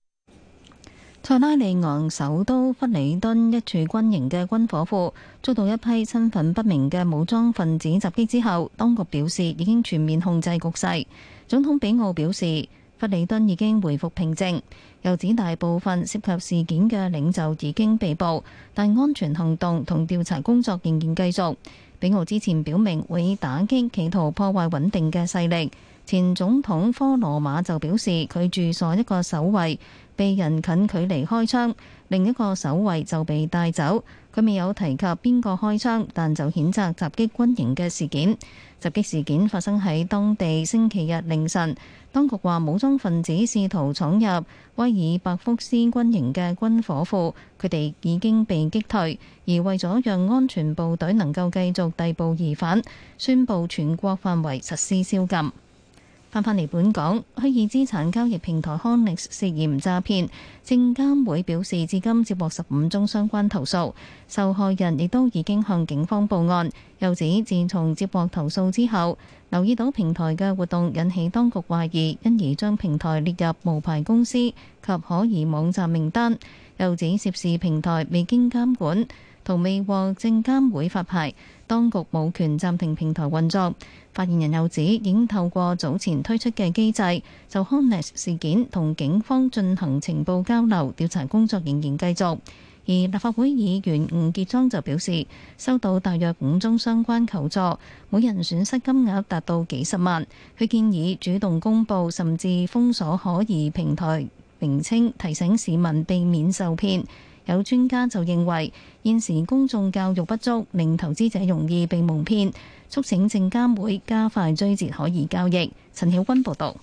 塞拉利昂首都弗里敦一處軍營嘅軍火庫遭到一批身份不明嘅武裝分子襲擊之後，當局表示已經全面控制局勢。總統比奧表示，弗里敦已經回復平靜，又指大部分涉及事件嘅領袖已經被捕，但安全行動同調查工作仍然繼續。比奧之前表明會打擊企圖破壞穩定嘅勢力。前總統科羅馬就表示，佢住所一個守衛被人近距離開槍，另一個守衛就被帶走。佢未有提及邊個開槍，但就譴責襲擊軍營嘅事件。襲擊事件發生喺當地星期日凌晨，當局話武裝分子試圖闖入威爾伯福斯軍營嘅軍火庫，佢哋已經被擊退。而為咗讓安全部隊能夠繼續逮捕疑犯，宣布全國範圍實施宵禁。翻返嚟本港，虛擬資產交易平台 HOUNAX 涉嫌詐騙，證監會表示至今接獲十五宗相關投訴，受害人亦都已經向警方報案。又指自從接獲投訴之後，留意到平台嘅活動引起當局懷疑，因而將平台列入無牌公司及可疑網站名單。又指涉事平台未經監管。未獲證監會發牌，當局冇權暫停平台運作。發言人又指，已經透過早前推出嘅機制，就 Connect 事件同警方進行情報交流，調查工作仍然繼續。而立法會議員吳傑莊就表示，收到大約五宗相關求助，每人損失金額達到幾十萬。佢建議主動公佈甚至封鎖可疑平台名稱，提醒市民避免受騙。有專家就認為，現時公眾教育不足，令投資者容易被蒙騙，促請證監會加快追截可疑交易。陳曉君報導，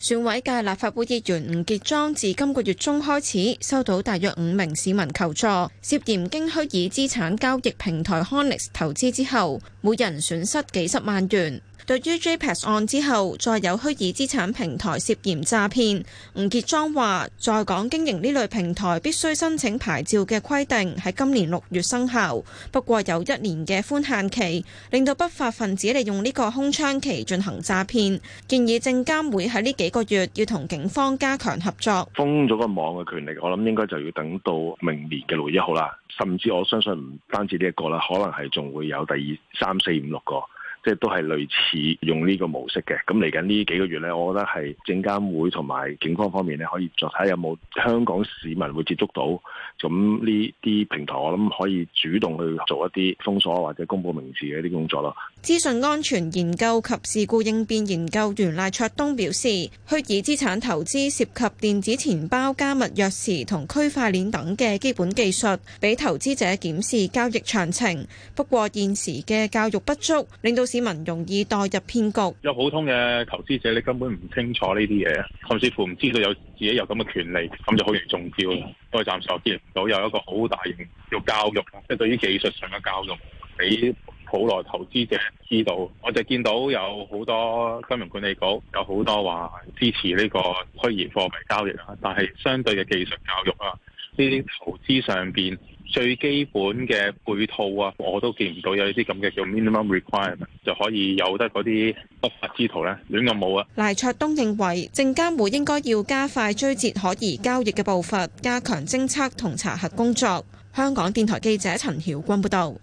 選委界立法會議員吳傑莊自今個月中開始收到大約五名市民求助，涉嫌經虛擬資產交易平台 Onyx 投資之後，每人損失幾十萬元。對於 JPEX 案之後再有虛擬資產平台涉嫌詐騙，吳傑莊話：在港經營呢類平台必須申請牌照嘅規定喺今年六月生效，不過有一年嘅寬限期，令到不法分子利用呢個空窗期進行詐騙。建議證監會喺呢幾個月要同警方加強合作。封咗個網嘅權力，我諗應該就要等到明年嘅六月一號啦。甚至我相信唔單止呢一個啦，可能係仲會有第二、三四五六個。即係都係類似用呢個模式嘅，咁嚟緊呢幾個月咧，我覺得係證監會同埋警方方面咧，可以再睇下有冇香港市民會接觸到。咁呢啲平台，我諗可以主動去做一啲封鎖或者公布名字嘅一啲工作咯。資訊安全研究及事故應變研究員賴卓東表示，虛擬資產投資涉及電子錢包加密鑰匙、同區塊鏈等嘅基本技術俾投資者檢視交易詳情。不過現時嘅教育不足，令到市民容易墮入騙局。有普通嘅投資者，你根本唔清楚呢啲嘢，甚至乎唔知道有自己有咁嘅權利，咁就好容易中招啦。都係暫時見唔到有一個好大型嘅教育，即係對於技術上嘅教育，俾普羅投資者知道。我就見到有好多金融管理局有好多話支持呢個虛擬貨幣交易啦，但係相對嘅技術教育啊，呢啲投資上邊。 最基本嘅配套啊，我都見唔到有啲咁嘅叫 minimum requirement 就可以有得嗰啲不法之徒咧，亂咁舞啊。賴卓東認為證監會應該要加快追截可疑交易嘅步伐，加強偵測同查核工作。香港電台記者陳曉君報道，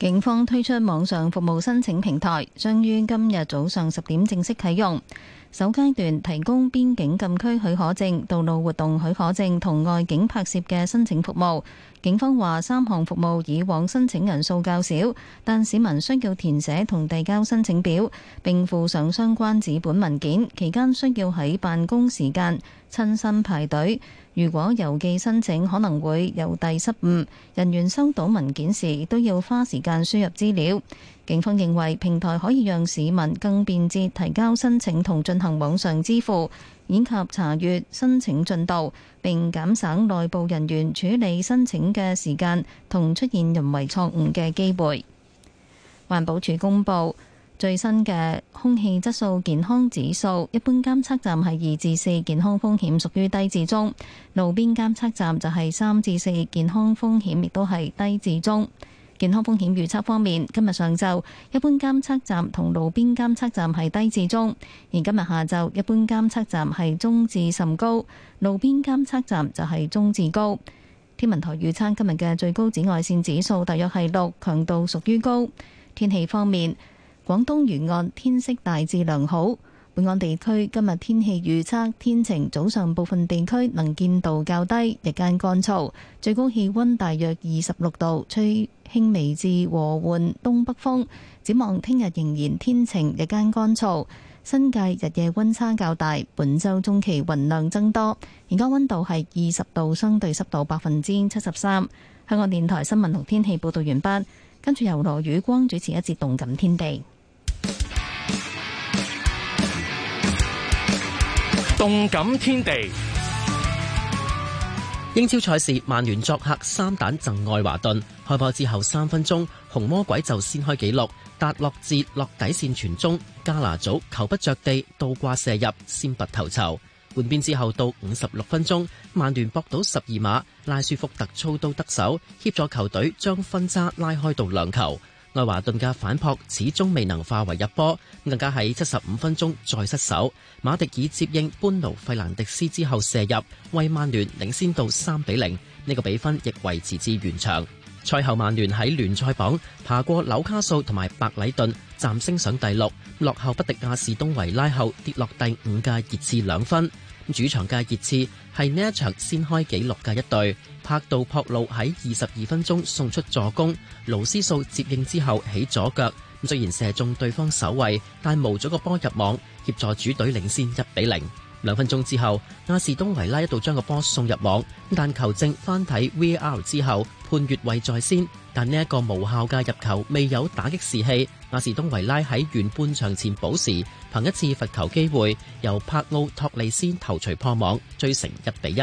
警方推出網上服務申請平台，將於今日早上十點正式啟用。首階段提供邊境禁區許可證、道路活動許可證同外景拍攝嘅申請服務。警方話：三項服務以往申請人數較少，但市民需要填寫同遞交申請表，並附上相關紙本文件。期間需要喺辦公時間親身排隊。如果郵寄申請，可能會郵遞失誤。人員收到文件時都要花時間輸入資料。警方認為平台可以讓市民更便捷提交申請同進行網上支付。以及查閱申請進度，並減省內部人員處理申請嘅時間，同出現人為錯誤嘅機會。環保署公布最新嘅空氣質素健康指數，一般監測站係二至四，健康風險屬於低至中；路邊監測站就係三至四，健康風險亦都係低至中。健康風險預測方面，今日上晝一般監測站同路邊監測站係低至中，而今日下晝一般監測站係中至甚高，路邊監測站就係中至高。天文台預測今日嘅最高紫外線指數大約係六，強度屬於高。天氣方面，廣東沿岸天色大致良好。本港地區今日天氣預測：天晴，早上部分地區能見度較低，日間乾燥，最高氣溫大約二十六度，吹輕微至和緩東北風。展望聽日仍然天晴，日間乾燥，新界日夜溫差較大。本周中期雲量增多，而家溫度係二十度，相對濕度百分之七十三。香港電台新聞同天氣報道完畢，跟住由羅宇光主持一節《動感天地》。動感天地英超賽事，曼聯作客三蛋贈愛華頓。開波之後三分鐘，紅魔鬼就先開紀錄，達洛治落底線傳中，加拿祖球不着地倒掛射入，先拔頭籌。換邊之後到五十六分鐘，曼聯搏到十二碼，拉舒福特操刀得手，協助球隊將分差拉開到兩球。愛華頓嘅反撲始終未能化為入波，更加喺七十五分鐘再失守。馬迪爾接應班奴費蘭迪斯之後射入，為曼聯領先到三比零。呢個比分亦維持至完場。賽後曼聯喺聯賽榜爬過紐卡素同埋白禮頓，暫升上第六，落後不敵亞士東維拉後跌落第五嘅熱刺兩分。主場嘅熱刺係呢一場先開紀錄嘅一隊。帕杜柏路喺二十二分鐘送出助攻，勞斯素接應之後起左腳，雖然射中對方守衞，但冇咗個波入網，協助主隊領先一比零。兩分鐘之後，阿士東維拉一度將個波送入網，但球證翻睇 VR 之後判越位在先，但呢一個無效嘅入球未有打擊士氣。阿士東維拉喺完半場前補時，憑一次罰球機會由帕奧托利先頭槌破網，追成一比一。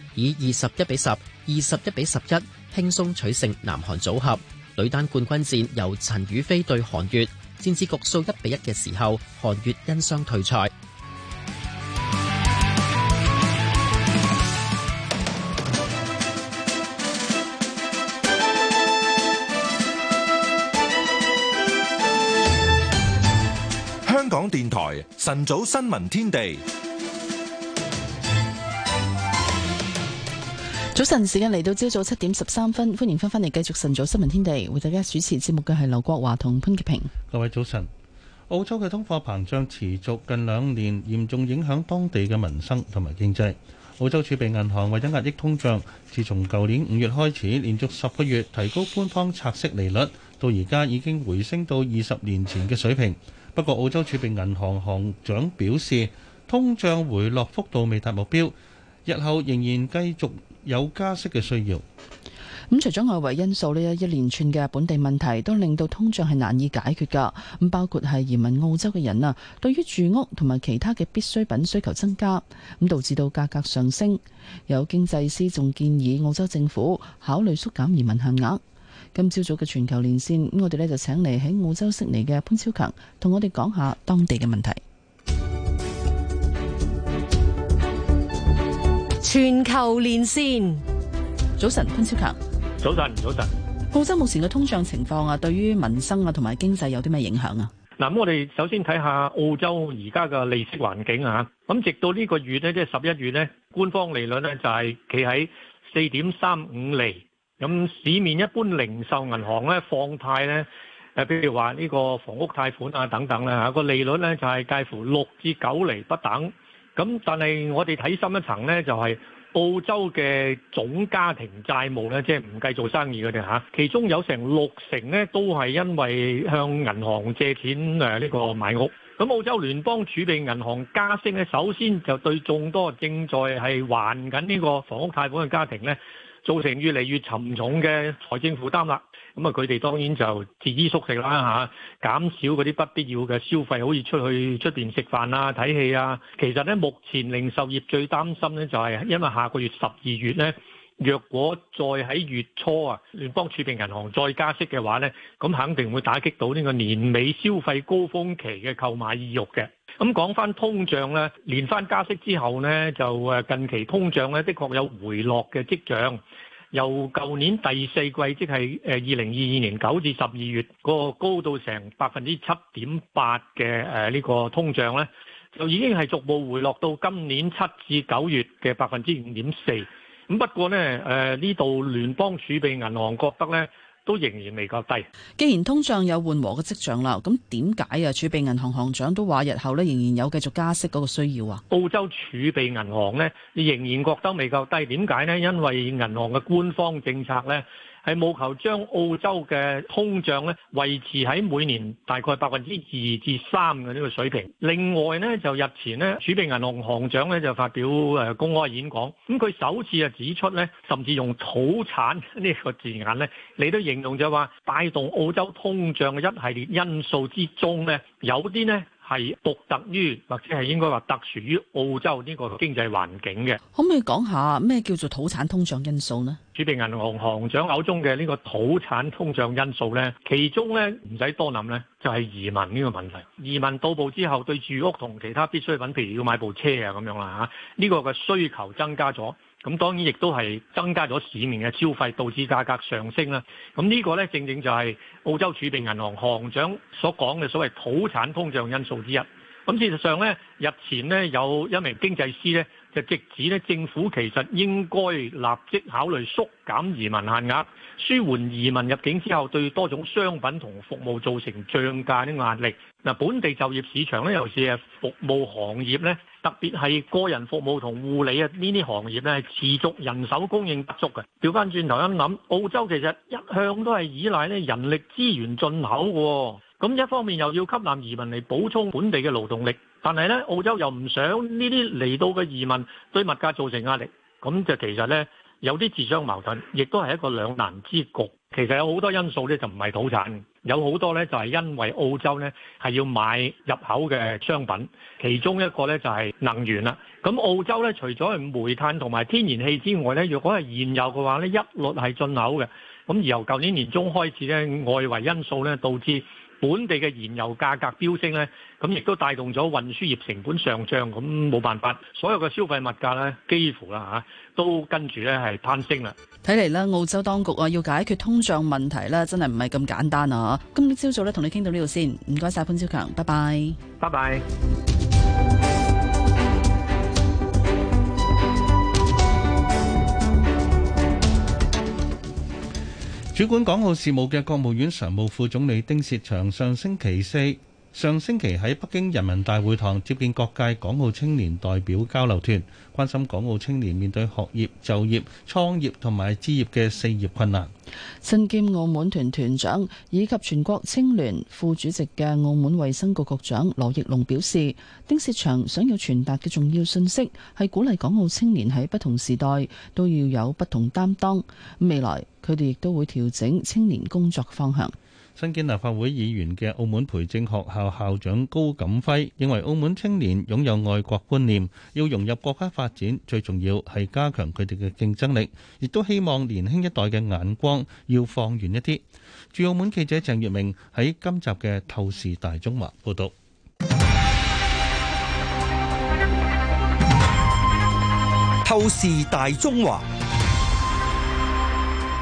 以二十一比十、二十一比十一輕鬆取勝南韓組合。女單冠軍戰由陳雨菲對韓悅，戰至局數一比一嘅時候，韓悅因傷退賽。香港電台晨早新聞天地。早晨，時間嚟到，朝早七點十三分，歡迎翻返嚟繼續晨早新聞天地。為大家主持節目嘅係劉國華同潘潔平。各位早晨。澳洲嘅通貨膨脹持續近兩年，嚴重影響當地嘅民生同埋經濟。澳洲儲備銀行為咗壓抑通脹，自從舊年五月開始，連續十個月提高官方拆息利率，到而家已經回升到二十年前嘅水平。不過，澳洲儲備銀行行長表示，通脹回落幅度未達目標，日後仍然繼續有加息嘅需要。咁除咗外圍因素，呢一連串嘅本地問題都令到通脹係難以解決噶。咁包括係移民澳洲嘅人啊，對於住屋同埋其他嘅必需品需求增加，咁導致到價格上升。有經濟師仲建議澳洲政府考慮縮減移民限額。今朝早嘅全球連線，咁我哋咧就請嚟喺澳洲悉尼嘅潘超強同我哋講下當地嘅問題。全球連線，早晨，潘超強，早晨，早晨。澳洲目前嘅通脹情況啊，對於民生啊同埋經濟有啲咩影響啊？嗱，咁我哋首先睇下澳洲而家嘅利息環境吓，咁直到呢個月咧，即係十一月咧，官方利率咧就係企喺四點三五厘。咁市面一般零售銀行咧放貸咧，誒，譬如話呢個房屋貸款啊等等咧吓，個利率咧就係介乎六至九厘不等。咁但係我哋睇深一層呢，就係澳洲嘅總家庭債務呢，即係唔計做生意嗰啲嚇，其中有成六成呢，都係因為向銀行借錢誒呢個買屋。咁澳洲聯邦儲備銀行加息呢，首先就對眾多正在係還緊呢個房屋貸款嘅家庭呢，造成越嚟越沉重嘅財政負擔啦，咁啊佢哋當然就節衣縮食啦吓，減少嗰啲不必要嘅消費，好似出去出邊食飯啊、睇戲啊。其實咧，目前零售業最擔心咧就係因為下個月十二月咧，若果再喺月初啊聯邦儲備銀行再加息嘅話咧，咁肯定會打擊到呢個年尾消費高峰期嘅購買意欲嘅。咁講翻通脹咧，連翻加息之後咧，就誒近期通脹咧，的確有回落嘅跡象。由舊年第四季，即係誒二零二二年九至十二月嗰個高到成百分之七點八嘅誒呢個通脹咧，就已經係逐步回落到今年七至九月嘅百分之五點四。咁不過咧，誒呢度聯邦儲備銀行覺得咧，都仍然未夠低。既然通脹有緩和嘅跡象啦，咁點解啊？儲備銀行行長都話日後咧仍然有繼續加息嗰個需要啊。澳洲儲備銀行咧仍然覺得未夠低，點解咧？因為銀行嘅官方政策咧。係務求將澳洲嘅通脹咧維持喺每年大概百分之二至三嘅呢個水平。另外咧就日前咧儲備銀行行長咧就發表誒公開演講，咁佢首次啊指出咧，甚至用土產呢個字眼咧，你都形容就話帶動澳洲通脹嘅一系列因素之中咧，有啲咧。係獨特於或者係應該話特殊於澳洲呢個經濟環境嘅，可唔可以講下咩叫做土產通脹因素呢？儲備銀行行長口中嘅呢個土產通脹因素呢，其中呢唔使多諗呢，就係、是、移民呢個問題。移民到步之後，對住屋同其他必需品，譬如要買部車啊咁樣啦嚇，呢、這個嘅需求增加咗。咁當然亦都係增加咗市民嘅消費，導致價格上升啦。咁、這、呢個咧，正正就係澳洲儲備銀行行長所講嘅所謂土產通脹因素之一。咁事實上咧，日前咧有一名經濟師咧。就直指咧，政府其實應該立即考慮縮減移民限額，舒緩移民入境之後對多種商品同服務造成漲價嘅壓力。嗱，本地就業市場咧，尤其是服務行業咧，特別係個人服務同護理啊呢啲行業咧，持續人手供應不足嘅。調翻轉頭一諗，澳洲其實一向都係依賴咧人力資源進口嘅，咁一方面又要吸納移民嚟補充本地嘅勞動力。但係咧，澳洲又唔想呢啲嚟到嘅移民對物價造成壓力，咁就其實咧有啲自相矛盾，亦都係一個兩難之局。其實有好多因素咧就唔係土產，有好多咧就係因為澳洲咧係要買入口嘅商品，其中一個咧就係能源啦。咁澳洲咧除咗係煤炭同埋天然氣之外咧，若果係燃油嘅話咧，一律係進口嘅。咁而由舊年年中開始咧，外圍因素咧導致本地嘅燃油價格飆升咧，咁亦都帶動咗運輸業成本上漲，咁冇辦法，所有嘅消費物價咧，幾乎啦嚇，都跟住咧係攀升啦。睇嚟咧，澳洲當局啊，要解決通脹問題咧，真係唔係咁簡單啊！今朝早咧，同你傾到呢度先，唔該晒，潘超強，拜拜，拜拜。主管港澳事務嘅國務院常務副總理丁薛祥上星期四，上星期喺北京人民大會堂接見各界港澳青年代表交流團，關心港澳青年面對學業、就業、創業同埋職業嘅四業困難。身兼澳門團團長以及全國青聯副主席嘅澳門衛生局局長羅奕龍表示，丁薛祥想要傳達嘅重要信息係鼓勵港澳青年喺不同時代都要有不同擔當。未來佢哋亦都會調整青年工作方向。新建立法會議員嘅澳門培正學校校長高錦輝認為，澳門青年擁有愛國觀念，要融入國家發展，最重要係加強佢哋嘅競爭力，亦都希望年輕一代嘅眼光要放遠一啲。駐澳門記者鄭月明喺今集嘅《透視大中華》報道，《透視大中華》。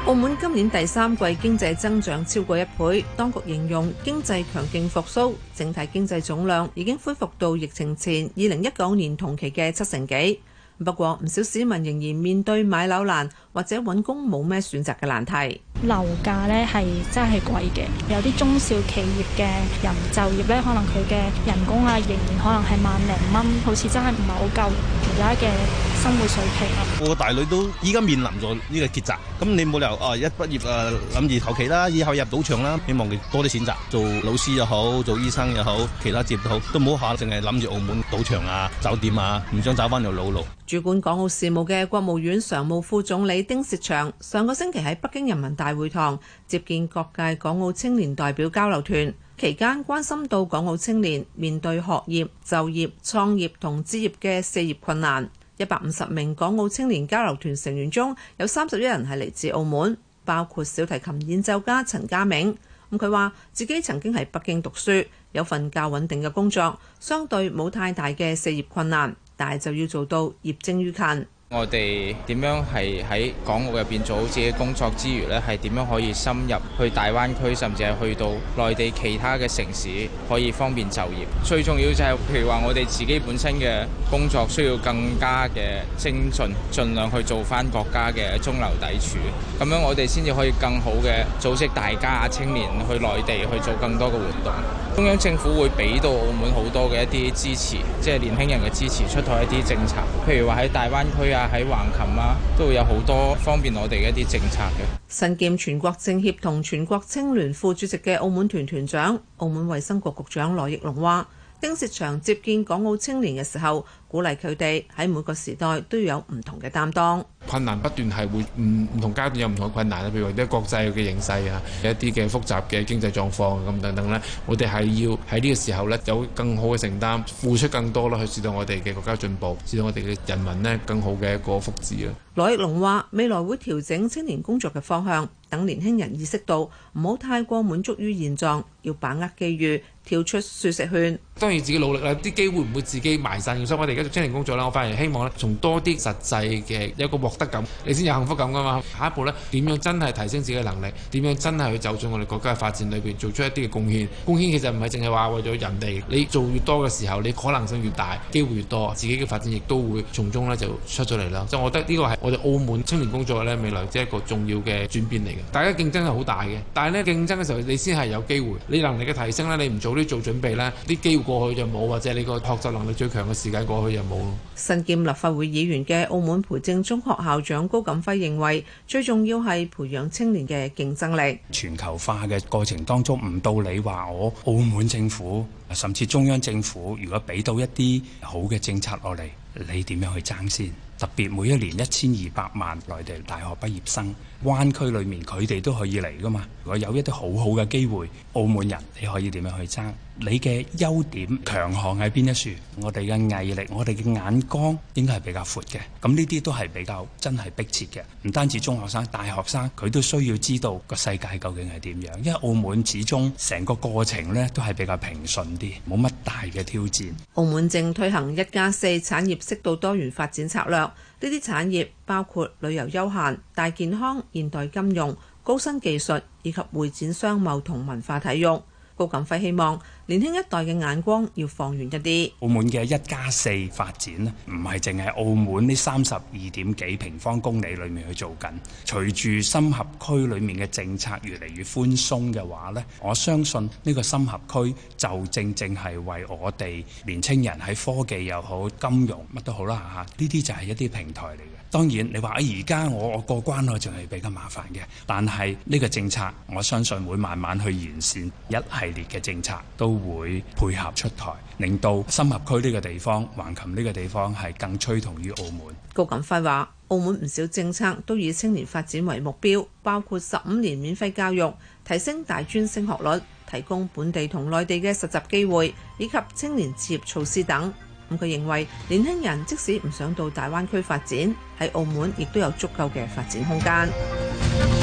澳門今年第三季經濟增長超過一倍，當局形容經濟強勁復蘇，整體經濟總量已經恢復到疫情前二零一九年同期嘅七成幾。不過，唔少市民仍然面對買樓難。或者揾工冇咩選擇嘅難題樓價咧係真係貴嘅。有啲中小企業嘅人就業咧，可能佢嘅人工啊，仍然可能係萬零蚊，好似真係唔係好夠而家嘅生活水平。我個大女都依家面臨咗呢個抉擇，咁你冇理由啊一畢業啊諗住求其啦，以後入賭場啦，希望佢多啲選擇做老師又好，做醫生又好，其他職業都好，都唔好下淨係諗住澳門賭場啊、酒店啊，唔想走翻條老路。主管港澳事務嘅國務院常務副總理。丁薛祥上個星期喺北京人民大會堂接見各界港澳青年代表交流團，期間關心到港澳青年面對學業、就業、創業同置業嘅事業困難。一百五十名港澳青年交流團成員中有三十一人係嚟自澳門，包括小提琴演奏家陳家銘。咁佢話自己曾經喺北京讀書，有份較穩定嘅工作，相對冇太大嘅事業困難，但係就要做到業精於勤。我哋點樣係喺港澳入邊做好自己工作之餘呢係點樣可以深入去大灣區，甚至係去到內地其他嘅城市，可以方便就業。最重要就係，譬如話我哋自己本身嘅工作需要更加嘅精進，盡量去做翻國家嘅中流砥柱，咁樣我哋先至可以更好嘅組織大家，青年去內地去做更多嘅活動。中央政府會俾到澳門好多嘅一啲支持，即係年輕人嘅支持，出台一啲政策，譬如話喺大灣區啊，喺橫琴啊，都會有好多方便我哋嘅一啲政策嘅。身兼全國政協同全國青聯副主席嘅澳門團團長、澳門衛生局局長羅奕龍話。丁薛祥接見港澳青年嘅時候，鼓勵佢哋喺每個時代都有唔同嘅擔當。困難不斷係會唔唔同階段有唔同嘅困難，譬如一國際嘅形勢啊，一啲嘅複雜嘅經濟狀況咁等等咧。我哋係要喺呢個時候咧，有更好嘅承擔，付出更多啦，去使到我哋嘅國家進步，使到我哋嘅人民咧更好嘅一個福祉啊。羅奕龍話：未來會調整青年工作嘅方向，等年輕人意識到唔好太過滿足於現狀，要把握機遇。跳出舒適圈，當然自己努力啦，啲機會唔會自己埋身，所以我哋而家做青年工作啦，我反而希望咧，從多啲實際嘅一個獲得感，你先有幸福感噶嘛。下一步咧，點樣真係提升自己嘅能力？點樣真係去走進我哋國家嘅發展裏邊，做出一啲嘅貢獻？貢獻其實唔係淨係話為咗人哋，你做越多嘅時候，你可能性越大，機會越多，自己嘅發展亦都會從中咧就出咗嚟啦。所以，我覺得呢個係我哋澳門青年工作咧未來一個重要嘅轉變嚟嘅。大家競爭係好大嘅，但係咧競爭嘅時候，你先係有機會。你能力嘅提升咧，你唔做。做準備啦，啲機會過去就冇，或者你個學習能力最強嘅時間過去就冇咯。身兼立法會議員嘅澳門培正中學校長高錦輝認為，最重要係培養青年嘅競爭力。全球化嘅過程當中，唔到你話我澳門政府，甚至中央政府，如果俾到一啲好嘅政策落嚟，你點樣去爭先？特別每一年一千二百萬內地大學畢業生。灣區裏面，佢哋都可以嚟噶嘛？如果有一啲好好嘅機會，澳門人你可以點樣去爭？你嘅優點、強項喺邊一處？我哋嘅毅力、我哋嘅眼光應該係比較闊嘅。咁呢啲都係比較真係迫切嘅。唔單止中學生、大學生，佢都需要知道個世界究竟係點樣。因為澳門始終成個過程呢，都係比較平順啲，冇乜大嘅挑戰。澳門正推行一加四產業適度多元發展策略。呢啲產業包括旅遊休閒、大健康、現代金融、高新技術以及會展商貿同文化體育。高錦輝希望年輕一代嘅眼光要放遠一啲。澳門嘅一加四發展咧，唔係淨係澳門呢三十二點幾平方公里裏面去做緊。隨住深合區裏面嘅政策越嚟越寬鬆嘅話呢，我相信呢個深合區就正正係為我哋年青人喺科技又好、金融乜都好啦吓，呢啲就係一啲平台嚟嘅。當然，你話啊，而家我我過關啊，仲係比較麻煩嘅。但係呢個政策，我相信會慢慢去完善一系列嘅政策，都會配合出台，令到深合區呢個地方、橫琴呢個地方係更趨同於澳門。高錦輝話，澳門唔少政策都以青年發展為目標，包括十五年免費教育、提升大專升學率、提供本地同內地嘅實習機會以及青年置業措施等。佢認為年輕人即使唔想到大灣區發展，喺澳門亦都有足夠嘅發展空間。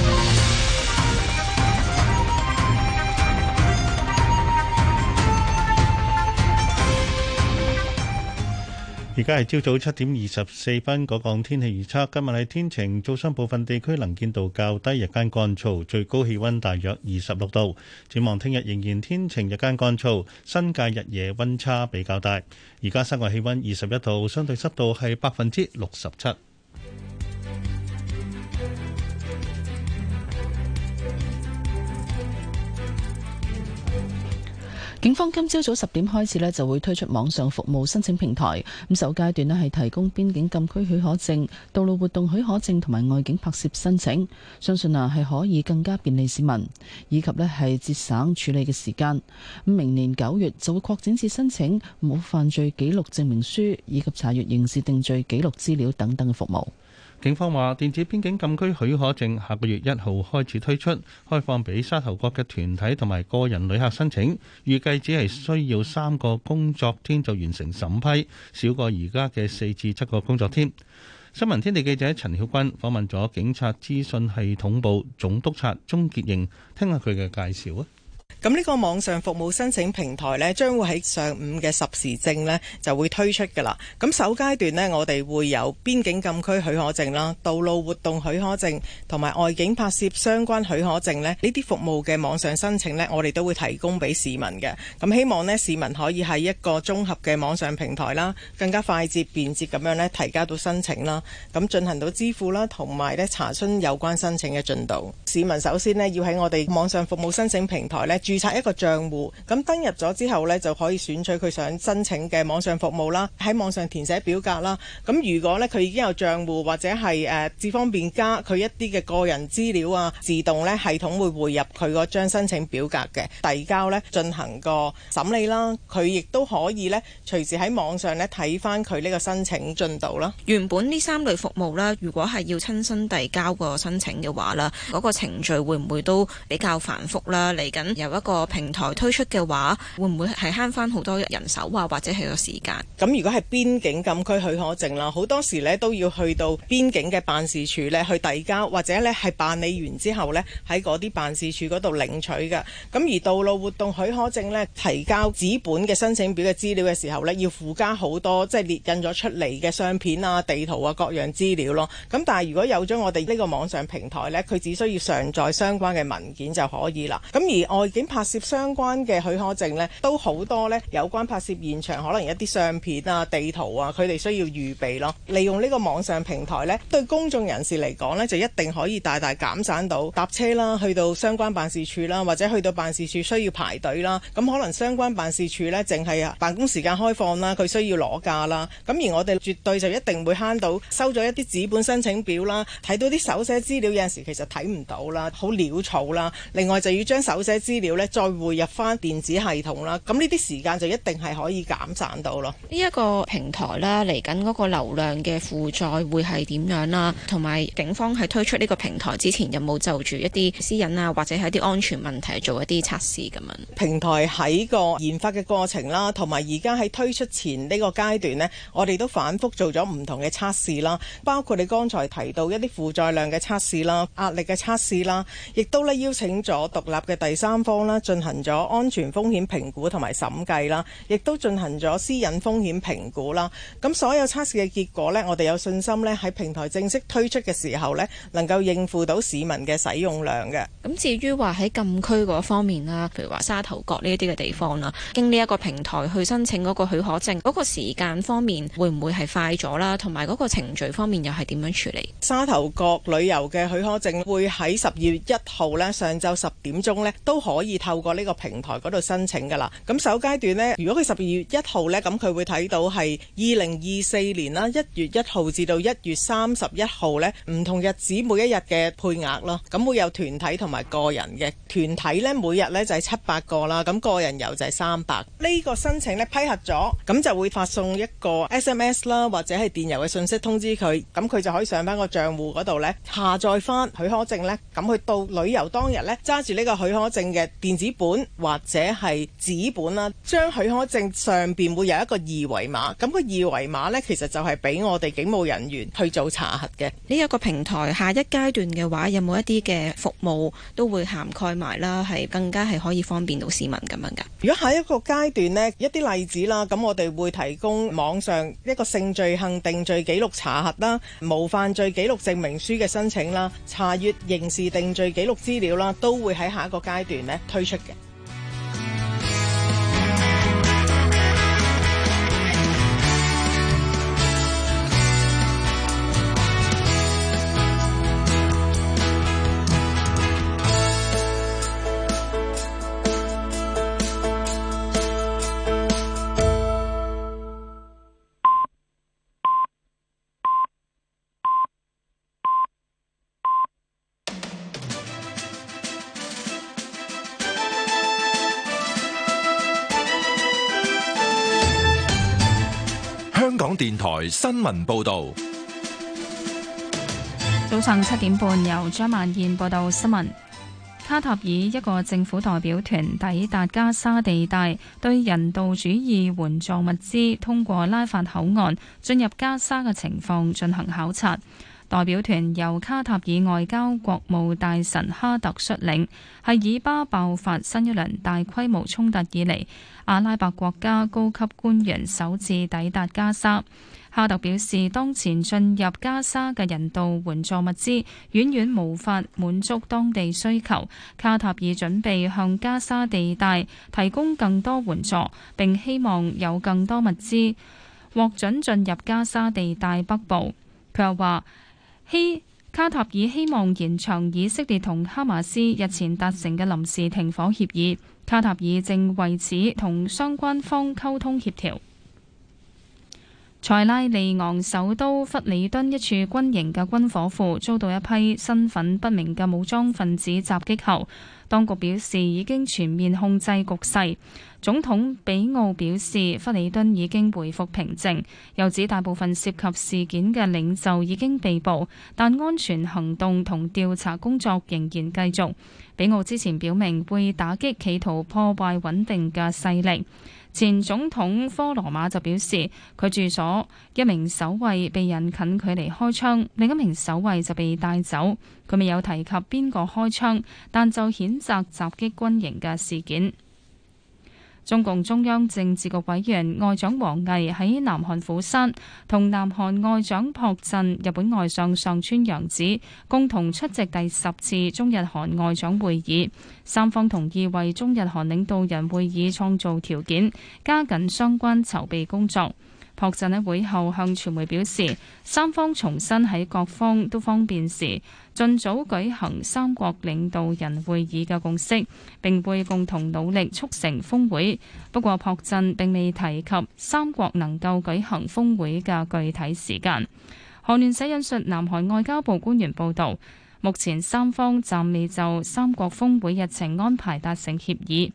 而家係朝早七點二十四分嗰個天氣預測。今日係天晴，早上部分地區能見度較低，日間乾燥，最高氣温大約二十六度。展望聽日仍然天晴，日間乾燥，新界日夜溫差比較大。而家室外氣溫二十一度，相對濕度係百分之六十七。警方今朝早十點開始咧，就會推出網上服務申請平台。咁首階段咧係提供邊境禁區許可證、道路活動許可證同埋外景拍攝申請，相信啊係可以更加便利市民，以及咧係節省處理嘅時間。明年九月就會擴展至申請冇犯罪記錄證明書以及查閱刑事定罪記錄資料等等嘅服務。警方話，電子邊境禁區許可證下個月一號開始推出，開放俾沙頭角嘅團體同埋個人旅客申請。預計只係需要三個工作天就完成審批，少過而家嘅四至七個工作天。新聞天地記者陳曉君訪問咗警察資訊系統部總督察鐘傑瑩，聽下佢嘅介紹啊！咁呢個網上服務申請平台呢，將會喺上午嘅十時正呢就會推出㗎啦。咁首階段呢，我哋會有邊境禁區許可證啦、道路活動許可證同埋外景拍攝相關許可證呢。呢啲服務嘅網上申請呢，我哋都會提供畀市民嘅。咁希望呢，市民可以喺一個綜合嘅網上平台啦，更加快捷便捷咁樣呢提交到申請啦，咁進行到支付啦，同埋呢查詢有關申請嘅進度。市民首先呢，要喺我哋網上服務申請平台呢。註冊一個賬戶，咁登入咗之後呢，就可以選取佢想申請嘅網上服務啦，喺網上填寫表格啦。咁如果呢，佢已經有賬戶或者係誒至方便加佢一啲嘅個人資料啊，自動呢系統會匯入佢個張申請表格嘅，遞交呢，進行個審理啦。佢亦都可以呢，隨時喺網上呢睇翻佢呢個申請進度啦。原本呢三類服務啦，如果係要親身遞交個申請嘅話啦，嗰個程序會唔會都比較繁複啦？嚟緊有一個平台推出嘅話，會唔會係慳翻好多人手啊，或者係個時間？咁如果係邊境禁區許可證啦，好多時咧都要去到邊境嘅辦事處咧去遞交，或者咧係辦理完之後咧喺嗰啲辦事處嗰度領取嘅。咁而道路活動許可證咧，提交紙本嘅申請表嘅資料嘅時候咧，要附加好多即係列印咗出嚟嘅相片啊、地圖啊各樣資料咯。咁但係如果有咗我哋呢個網上平台咧，佢只需要上載相關嘅文件就可以啦。咁而外景，拍攝相關嘅許可證呢，都好多呢，有關拍攝現場，可能一啲相片啊、地圖啊，佢哋需要預備咯。利用呢個網上平台呢，對公眾人士嚟講呢，就一定可以大大減省到搭車啦，去到相關辦事處啦，或者去到辦事處需要排隊啦。咁可能相關辦事處呢，淨係啊辦公時間開放啦，佢需要攞假啦。咁而我哋絕對就一定會慳到收咗一啲紙本申請表啦，睇到啲手寫資料有陣時其實睇唔到啦，好潦草啦。另外就要將手寫資料。再匯入翻電子系統啦，咁呢啲時間就一定係可以減散到咯。呢一個平台啦，嚟緊嗰個流量嘅負載會係點樣啦？同埋警方喺推出呢個平台之前，有冇就住一啲私隱啊，或者係一啲安全問題做一啲測試咁樣？平台喺個研發嘅過程啦，同埋而家喺推出前呢個階段呢，我哋都反覆做咗唔同嘅測試啦，包括你剛才提到一啲負載量嘅測試啦、壓力嘅測試啦，亦都咧邀請咗獨立嘅第三方啦，進行咗安全風險評估同埋審計啦，亦都進行咗私隱風險評估啦。咁所有測試嘅結果呢，我哋有信心呢喺平台正式推出嘅時候呢，能夠應付到市民嘅使用量嘅。咁至於話喺禁區嗰方面啦，譬如話沙頭角呢一啲嘅地方啦，經呢一個平台去申請嗰個許可證，嗰個時間方面會唔會係快咗啦？同埋嗰個程序方面又係點樣處理？沙頭角旅遊嘅許可證會喺十二月一號呢，上晝十點鐘呢都可以。透過呢個平台嗰度申請噶啦，咁首階段呢，如果佢十二月一號呢，咁佢會睇到係二零二四年啦，一月一號至到一月三十一號呢，唔同日子每一日嘅配額咯，咁會有團體同埋個人嘅團體呢，每日呢就係七百個啦，咁個人遊就係三百。呢個申請呢，批核咗，咁就會發送一個 SMS 啦，或者係電郵嘅信息通知佢，咁佢就可以上翻個賬戶嗰度呢，下載翻許可證呢。咁佢到旅遊當日呢，揸住呢個許可證嘅。電子本或者係紙本啦，將許可證上邊會有一個二維碼，咁個二維碼呢，其實就係俾我哋警務人員去做查核嘅。呢一個平台下一階段嘅話，有冇一啲嘅服務都會涵蓋埋啦，係更加係可以方便到市民咁樣噶。如果下一個階段呢，一啲例子啦，咁我哋會提供網上一個性罪行定罪記錄查核啦、無犯罪記錄證明書嘅申請啦、查閱刑事定罪記錄資料啦，都會喺下一個階段呢推出嘅。電台新聞報道：早上七點半，由張曼燕報道新聞。卡塔爾一個政府代表團抵達加沙地帶，對人道主義援助物資通過拉法口岸進入加沙嘅情況進行考察。代表團由卡塔爾外交國務大臣哈特率領，係以巴爆發新一輪大規模衝突以嚟，阿拉伯國家高級官員首次抵達加沙。哈特表示，當前進入加沙嘅人道援助物資遠遠無法滿足當地需求。卡塔爾準備向加沙地帶提供更多援助，並希望有更多物資獲准進入加沙地帶北部。佢又話：希、hey，卡塔爾希望延長以色列同哈馬斯日前達成嘅臨時停火協議，卡塔爾正為此同相關方溝通協調。塞拉利昂首都弗里敦一處軍營嘅軍火庫遭到一批身份不明嘅武裝分子襲擊後，當局表示已經全面控制局勢。總統比奧表示，弗里敦已經回復平靜，又指大部分涉及事件嘅領袖已經被捕，但安全行動同調查工作仍然繼續。比奧之前表明會打擊企圖破壞穩定嘅勢力。前總統科羅馬就表示，佢住所一名守衛被人近距離開槍，另一名守衛就被帶走。佢未有提及邊個開槍，但就譴責襲擊軍營嘅事件。中共中央政治局委員外長王毅喺南韓釜山同南韓外長朴振、日本外相上川陽子共同出席第十次中日韓外長會議，三方同意為中日韓領導人會議創造條件，加緊相關籌備工作。朴振喺會後向傳媒表示，三方重新喺各方都方便時，盡早舉行三國領導人會議嘅共識，並會共同努力促成峰會。不過，朴振並未提及三國能夠舉行峰會嘅具體時間。韓聯社引述南韓外交部官員報道，目前三方暫未就三國峰會日程安排達成協議，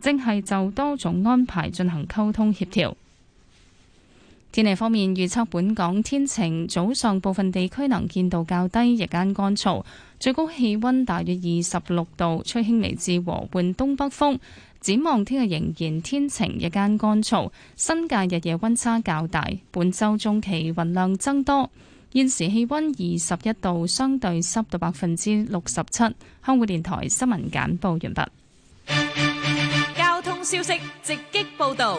正係就多種安排進行溝通協調。天氣方面預測，預測本港天晴，早上部分地區能見度較低，日間乾燥，最高氣溫大約二十六度，吹輕微至和緩東北風。展望聽日仍然天晴，日間乾燥，新界日夜溫差較大。本周中期雲量增多。現時氣溫二十一度，相對濕度百分之六十七。香港電台新聞簡報完畢。交通消息直擊報道。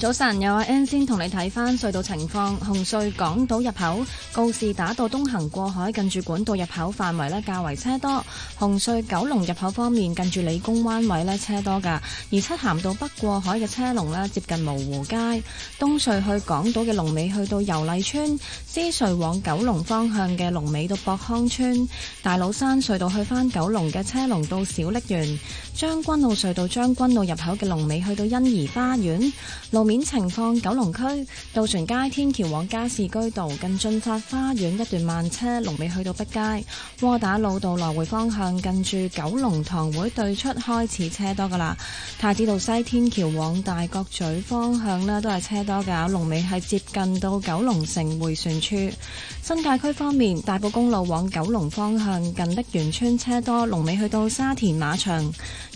早晨，有阿、啊、N 先同你睇翻隧道情況。紅隧港島入口、告士打道東行過海近住管道入口範圍咧較為車多。紅隧九龍入口方面近住理工彎位咧車多噶，而漆咸道北過海嘅車龍咧接近蕪湖街。東隧去港島嘅龍尾去到油麗邨，獅隧往九龍方向嘅龍尾到博康村。大老山隧道去翻九龍嘅車龍到小瀝源。將軍澳隧道將軍澳入口嘅龍尾去到欣怡花園。路.路面情況：九龍區渡船街天橋往加士居道近駿發花園一段慢車，龍尾去到碧街；窩打老道來回方向近住九龍塘會對出開始車多㗎喇。太子道西天橋往大角咀方向呢都係車多㗎，龍尾係接近到九龍城迴旋處。新界區方面，大埔公路往九龍方向近瀝源村車多，龍尾去到沙田馬場。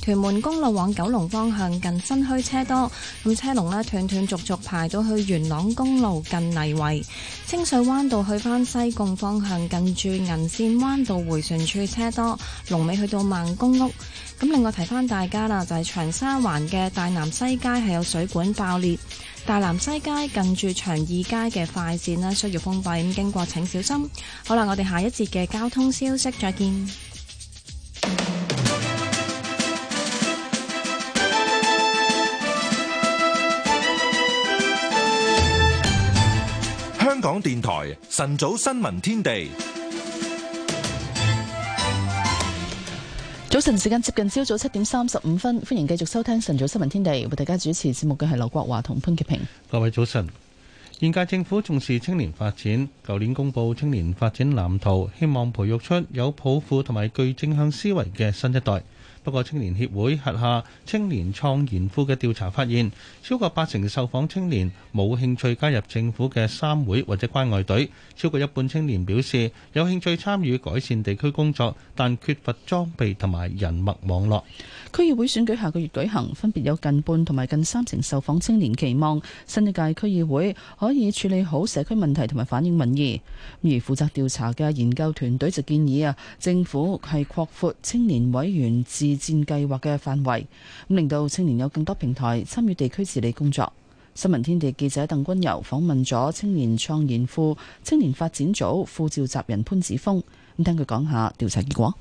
屯門公路往九龍方向近新墟車多，咁車龍呢，斷斷續續排到去元朗公路近泥圍，清水灣道去翻西貢方向近住銀線灣道迴旋處車多，龍尾去到孟公屋。咁另外提翻大家啦，就係、是、長沙灣嘅大南西街係有水管爆裂，大南西街近住長義街嘅快綫呢需要封閉，咁經過請小心。好啦，我哋下一節嘅交通消息再見。香港電台晨早新聞天地，早晨時間接近朝早七點三十五分，歡迎繼續收聽晨早新聞天地，為大家主持節目嘅係劉國華同潘潔平。各位早晨，現屆政府重視青年發展，舊年公布青年發展藍圖，希望培育出有抱負同埋具正向思維嘅新一代。多個青年協會轄下青年創研庫嘅調查發現，超過八成受訪青年冇興趣加入政府嘅三會或者關愛隊。超過一半青年表示有興趣參與改善地區工作，但缺乏裝備同埋人脈網絡。區議會選舉下個月舉行，分別有近半同埋近三成受訪青年期望新一屆區議會可以處理好社區問題同埋反映民意。而負責調查嘅研究團隊就建議啊，政府係擴闊青年委員自戰計劃嘅範圍，咁，令到青年有更多平台參與地區治理工作。新聞天地記者鄧君柔訪問咗青年創研庫青年發展組副召集人潘子峰，咁，聽佢講下調查結果。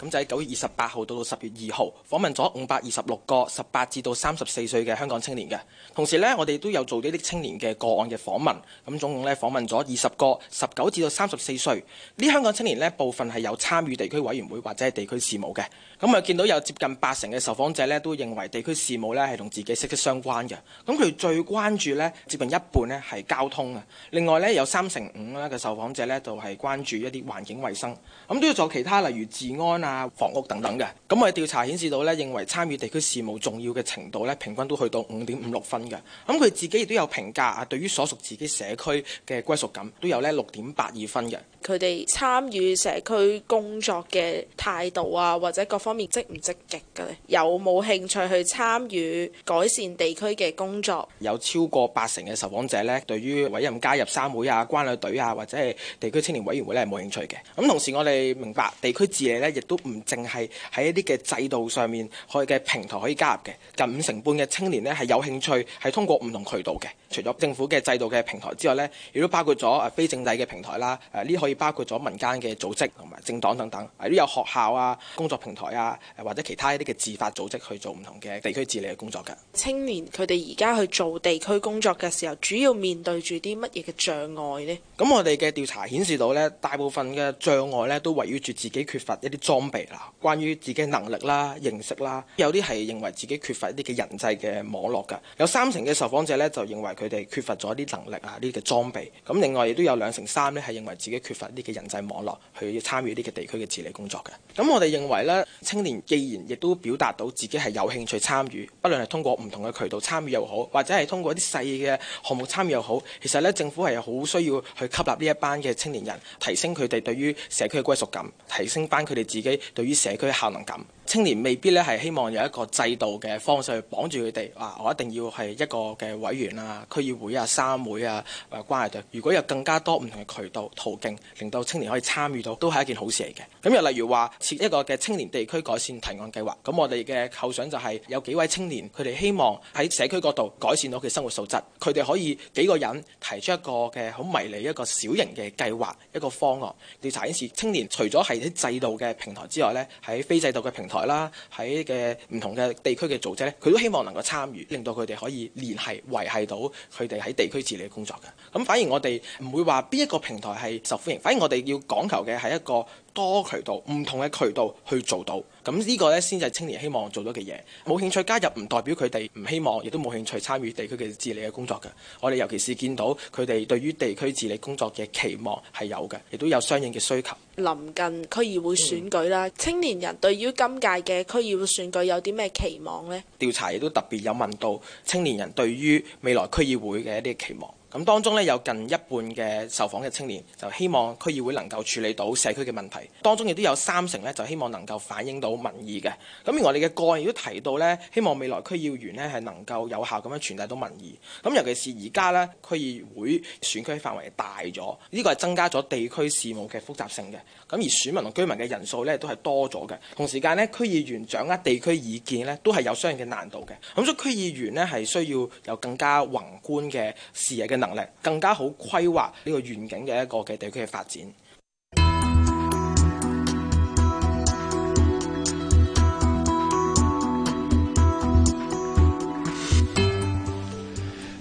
咁就喺九月二十八號到到十月二號訪問咗五百二十六個十八至到三十四歲嘅香港青年嘅。同時呢，我哋都有做呢啲青年嘅個案嘅訪問。咁總共呢，訪問咗二十個十九至到三十四歲呢，香港青年呢部分係有參與地區委員會或者係地區事務嘅。咁啊，見到有接近八成嘅受訪者咧，都認為地區事務咧係同自己息息相關嘅。咁佢最關注咧，接近一半咧係交通啊。另外咧，有三成五咧嘅受訪者咧就係關注一啲環境衛生。咁都要做其他，例如治安啊、房屋等等嘅。咁我哋調查顯示到咧，認為參與地區事務重要嘅程度咧，平均都去到五點五六分嘅。咁佢自己亦都有評價啊，對於所屬自己社區嘅歸屬感都有咧六點八二分嘅。佢哋參與社區工作嘅態度啊，或者各方。方面積唔積極嘅咧，有冇興趣去參與改善地區嘅工作？有超過八成嘅受訪者咧，對於委任加入三會啊、關愛隊啊，或者係地區青年委員會咧，係冇興趣嘅。咁同時，我哋明白地區治理咧，亦都唔淨係喺一啲嘅制度上面可以嘅平台可以加入嘅。近五成半嘅青年咧係有興趣，係通過唔同渠道嘅。除咗政府嘅制度嘅平台之外咧，亦都包括咗啊非政制嘅平台啦。誒、啊、呢可以包括咗民間嘅組織同埋政黨等等。誒、啊、都有學校啊、工作平台啊，誒或者其他一啲嘅自發組織去做唔同嘅地區治理嘅工作噶。青年佢哋而家去做地區工作嘅時候，主要面對住啲乜嘢嘅障礙咧？咁我哋嘅調查顯示到咧，大部分嘅障礙咧都圍繞住自己缺乏一啲裝備啦。關於自己能力啦、認識啦，有啲係認為自己缺乏一啲嘅人際嘅網絡噶。有三成嘅受訪者咧就認為。佢哋缺乏咗啲能力啊，呢啲嘅裝備。咁、嗯、另外亦都有兩成三咧，係認為自己缺乏啲嘅人際網絡去參與呢個地區嘅治理工作嘅。咁、嗯、我哋認為咧，青年既然亦都表達到自己係有興趣參與，不論係通過唔同嘅渠道參與又好，或者係通過啲細嘅項目參與又好，其實咧政府係好需要去吸納呢一班嘅青年人，提升佢哋對於社區嘅歸屬感，提升翻佢哋自己對於社區嘅效能感。青年未必咧係希望有一個制度嘅方式去綁住佢哋。啊，我一定要係一個嘅委員啊、區議會啊、三會啊、誒、啊、關係到。如果有更加多唔同嘅渠道途徑令到青年可以參與到，都係一件好事嚟嘅。咁又例如話設一個嘅青年地區改善提案計劃，咁我哋嘅構想就係、是、有幾位青年佢哋希望喺社區嗰度改善到佢生活素質，佢哋可以幾個人提出一個嘅好迷你一個小型嘅計劃一個方案。調查顯示，青年除咗係喺制度嘅平台之外咧，喺非制度嘅平台，台啦，喺嘅唔同嘅地區嘅組織咧，佢都希望能夠參與，令到佢哋可以聯繫維繫到佢哋喺地區治理嘅工作嘅。咁、嗯、反而我哋唔會話邊一個平台係受歡迎，反而我哋要講求嘅係一個。多渠道、唔同嘅渠道去做到，咁呢個咧先係青年希望做到嘅嘢。冇興趣加入唔代表佢哋唔希望，亦都冇興趣參與地區嘅治理嘅工作嘅。我哋尤其是見到佢哋對於地區治理工作嘅期望係有嘅，亦都有相應嘅需求。臨近區議會選舉啦，嗯、青年人對於今屆嘅區議會選舉有啲咩期望咧？調查亦都特別有問到青年人對於未來區議會嘅一啲期望。咁當中咧有近一半嘅受訪嘅青年就希望區議會能夠處理到社區嘅問題，當中亦都有三成咧就希望能夠反映到民意嘅。咁而我哋嘅個案亦都提到咧，希望未來區議員咧係能夠有效咁樣傳遞到民意。咁，尤其是而家咧區議會選區範圍大咗，呢個係增加咗地區事務嘅複雜性嘅。咁而選民同居民嘅人數咧都係多咗嘅，同時間咧區議員掌握地區意見咧都係有相應嘅難度嘅。咁所以區議員咧係需要有更加宏觀嘅視野嘅能。更加好規劃呢個願景嘅一個嘅地區發展。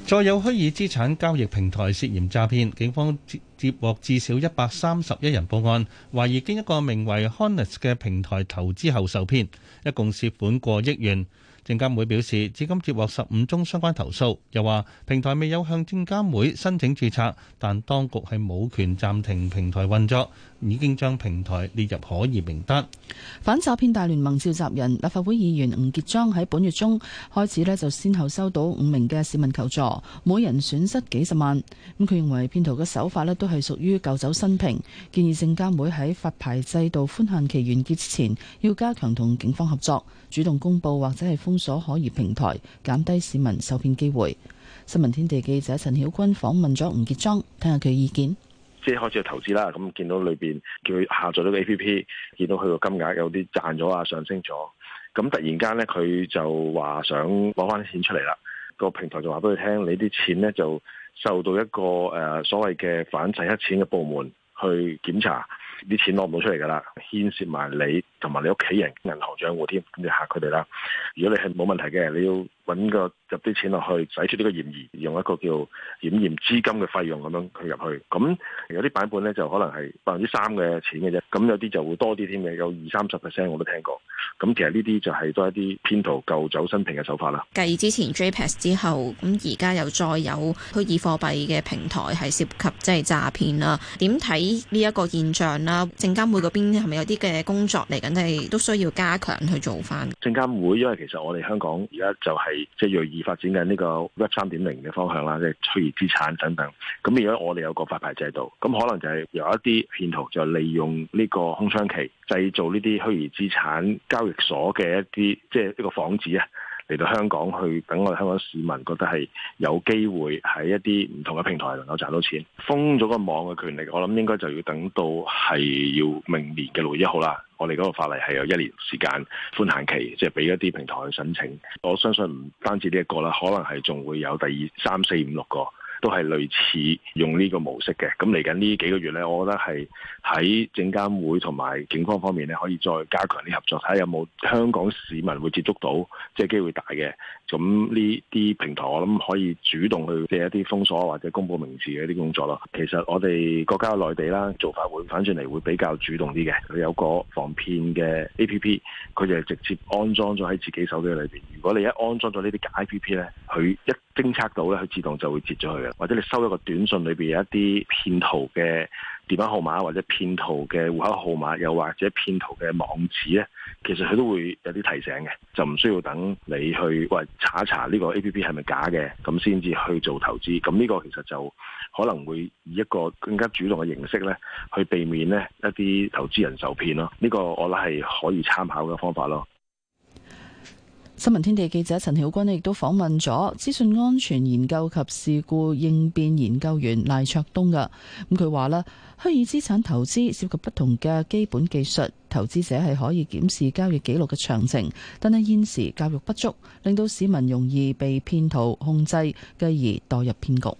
再有虛擬資產交易平台涉嫌詐騙，警方接獲至少一百三十一人報案，懷疑經一個名為 Honest 嘅平台投資後受騙，一共涉款過億元。證監會表示，至今接獲十五宗相關投訴，又話平台未有向證監會申請註冊，但當局係冇權暫停平台運作，已經將平台列入可疑名單。反詐騙大聯盟召集人立法會議員吳傑莊喺本月中開始咧就先後收到五名嘅市民求助，每人損失幾十萬，咁佢認為騙徒嘅手法咧都係屬於舊酒新瓶，建議證監會喺發牌制度寬限期完結之前，要加強同警方合作，主動公布或者係封。所可疑平台減低市民受騙機會。新聞天地記者陳曉君訪問咗吳傑莊，聽下佢意見。即係開始去投資啦，咁見到裏邊叫佢下載咗個 app，見到佢個金額有啲賺咗啊，上升咗。咁突然間咧，佢就話想攞翻啲錢出嚟啦。個平台就話俾佢聽，你啲錢咧就受到一個誒所謂嘅反洗黑錢嘅部門去檢查，啲錢攞唔到出嚟噶啦，牽涉埋你，同埋你屋企人銀行賬戶添，咁就嚇佢哋啦。如果你係冇問題嘅，你要揾個入啲錢落去，洗脫呢個嫌疑，用一個叫驗證資金嘅費用咁樣去入去。咁有啲版本咧就可能係百分之三嘅錢嘅啫，咁有啲就會多啲添嘅，有二三十 percent 我都聽過。咁其實呢啲就係多一啲騙徒舊酒新瓶嘅手法啦。繼之前 JPEX 之後，咁而家又再有虛擬貨幣嘅平台係涉及即係詐騙啦。點睇呢一個現象啦？證監會嗰邊係咪有啲嘅工作嚟？我哋都需要加強去做翻。證監會，因為其實我哋香港而家就係即係鋭意發展緊呢個 Web 三點零嘅方向啦，即係虛擬資產等等。咁而家我哋有個發牌制度，咁可能就係有一啲騙徒就利用呢個空窗期製造呢啲虛擬資產交易所嘅一啲，即係呢個幌子啊。嚟到香港去，等我哋香港市民覺得係有機會喺一啲唔同嘅平台能夠賺到錢。封咗個網嘅權力，我諗應該就要等到係要明年嘅六月一號啦。我哋嗰個法例係有一年時間寬限期，即係俾一啲平台去申請，我相信唔單止呢一個啦，可能係仲會有第二、三四五六個。都係類似用呢個模式嘅，咁嚟緊呢幾個月呢，我覺得係喺證監會同埋警方方面呢，可以再加強啲合作，睇下有冇香港市民會接觸到，即係機會大嘅。咁呢啲平台，我諗可以主動去借一啲封鎖或者公布名詞嘅一啲工作咯。其實我哋國家內地啦，做法會反轉嚟會比較主動啲嘅。佢有個防騙嘅 A P P，佢就係直接安裝咗喺自己手機裏邊。如果你一安裝咗呢啲 A P P 呢，佢一偵測到呢，佢自動就會截咗佢。或者你收一個短信，裏邊有一啲騙徒嘅電話號碼，或者騙徒嘅戶口號碼，又或者騙徒嘅網址咧，其實佢都會有啲提醒嘅，就唔需要等你去喂查一查呢個 APP 係咪假嘅，咁先至去做投資。咁呢個其實就可能會以一個更加主動嘅形式咧，去避免咧一啲投資人受騙咯。呢個我諗係可以參考嘅方法咯。新聞天地記者陳曉君亦都訪問咗資訊安全研究及事故應變研究員賴卓東㗎。咁佢話咧，虛擬資產投資涉及不同嘅基本技術，投資者係可以檢視交易記錄嘅詳情，但係現時教育不足，令到市民容易被騙徒控制，繼而墮入騙局。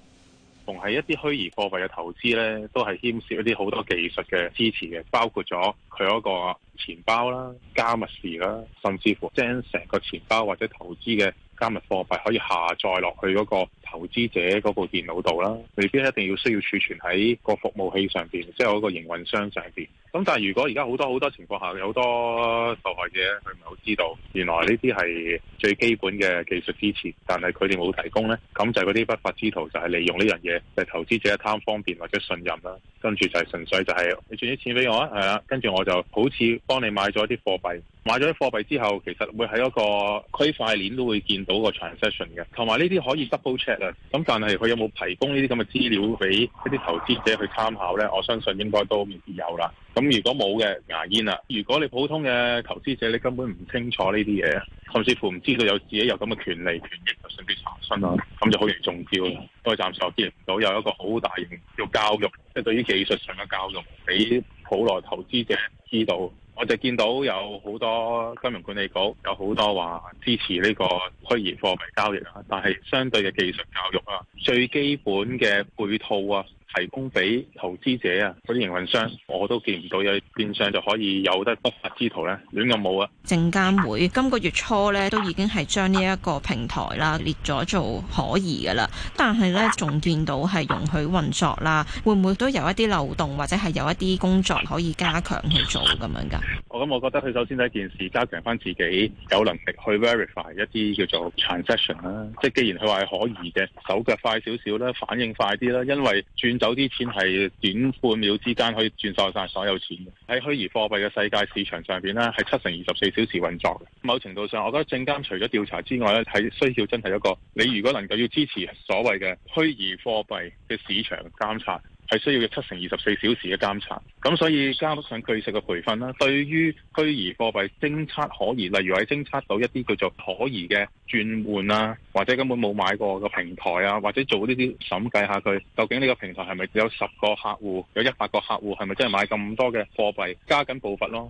同係一啲虛擬貨幣嘅投資咧，都係牽涉一啲好多技術嘅支持嘅，包括咗佢嗰個錢包啦、加密匙啦，甚至乎將成個錢包或者投資嘅加密貨幣可以下載落去嗰、那個。投資者嗰部電腦度啦，未必一定要需要儲存喺個服務器上邊，即係嗰個營運商上邊。咁但係如果而家好多好多情況下，有好多受害者佢唔係好知道，原來呢啲係最基本嘅技術支持，但係佢哋冇提供呢。咁就係嗰啲不法之徒就係、是、利用呢樣嘢，就係、是、投資者貪方便或者信任啦，跟住就係純粹就係、是、你轉啲錢畀我啊，係啦，跟住我就好似幫你買咗啲貨幣，買咗啲貨幣之後，其實會喺嗰個區塊鏈都會見到個 transaction 嘅，同埋呢啲可以 double check。咁，但係佢有冇提供呢啲咁嘅資料俾一啲投資者去參考呢？我相信應該都未必有啦。咁如果冇嘅牙煙啦、啊，如果你普通嘅投資者，你根本唔清楚呢啲嘢，甚至乎唔知道有自己有咁嘅權利權益，就順便查詢啦，咁就好容易中招啦。我哋暫時又見唔到有一個好大型嘅教育，即係對於技術上嘅教育，俾普羅投資者知道。我就見到有好多金融管理局有好多話支持呢個虛擬貨幣交易，但係相對嘅技術教育啊、最基本嘅配套啊。提供俾投資者啊嗰啲營運商，我都見唔到有變相就可以有得不法之徒咧亂咁冇啊！證監會今個月初咧都已經係將呢一個平台啦、啊、列咗做可疑噶啦，但係咧仲見到係容許運作啦、啊，會唔會都有一啲漏洞或者係有一啲工作可以加強去做咁樣噶？我咁、哦嗯，我覺得佢首先第一件事加強翻自己有能力去 verify 一啲叫做 transaction 啦、啊，即係既然佢話係可疑嘅，手腳快少少啦，反應快啲啦，因為轉。走啲錢係短半秒之間可以轉晒晒所有錢嘅，喺虛擬貨幣嘅世界市場上邊呢係七乘二十四小時運作嘅。某程度上，我覺得證監除咗調查之外咧，係需要真係一個你如果能夠要支持所謂嘅虛擬貨幣嘅市場監察。係需要約七乘二十四小時嘅監察，咁所以加上具體嘅培訓啦。對於虛擬貨幣偵測可疑，例如喺偵測到一啲叫做可疑嘅轉換啊，或者根本冇買過個平台啊，或者做呢啲審計下佢，究竟呢個平台係咪只有十個客戶，有一百個客戶係咪真係買咁多嘅貨幣，加緊步伐咯。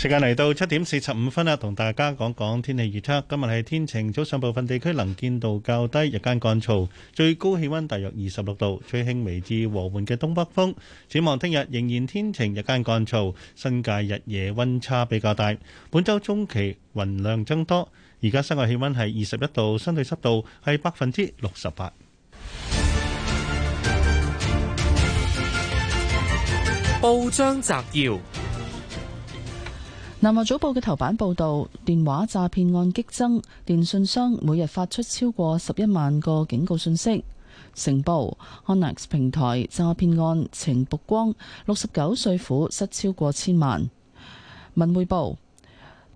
時間嚟到七點四十五分啦，同大家講講天氣預測。今日係天晴，早上部分地區能見度較低，日間乾燥，最高氣溫大約二十六度，吹輕微至和緩嘅東北風。展望聽日仍然天晴，日間乾燥，新界日夜溫差比較大。本周中期雲量增多，而家室外氣溫係二十一度，相對濕度係百分之六十八。報章摘要。南華早報嘅頭版報道，電話詐騙案激增，電信商每日發出超過十一萬個警告信息。成報，Onex 平台詐騙案情曝光，六十九歲婦失超過千萬。文匯報，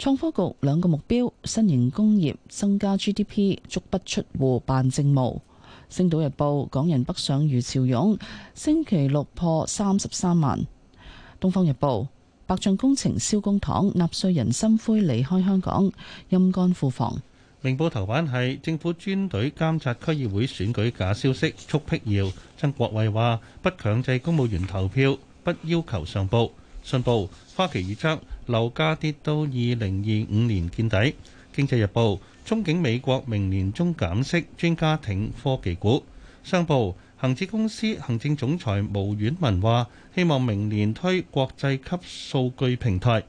創科局兩個目標：新型工業增加 GDP，足不出戶辦政務。星島日報，港人北上如潮湧，星期六破三十三萬。東方日報。白象工程燒工廠，納稅人心灰，離開香港，陰乾庫房。明報頭版係政府專隊監察區議會選舉假消息，促辟謠。曾國衛話：不強制公務員投票，不要求上報。信報，花旗預測樓價跌到2025年見底。經濟日報憧憬美國明年中減息，專家挺科技股。商報恒指公司行政總裁毛婉文話：希望明年推國際級數據平台。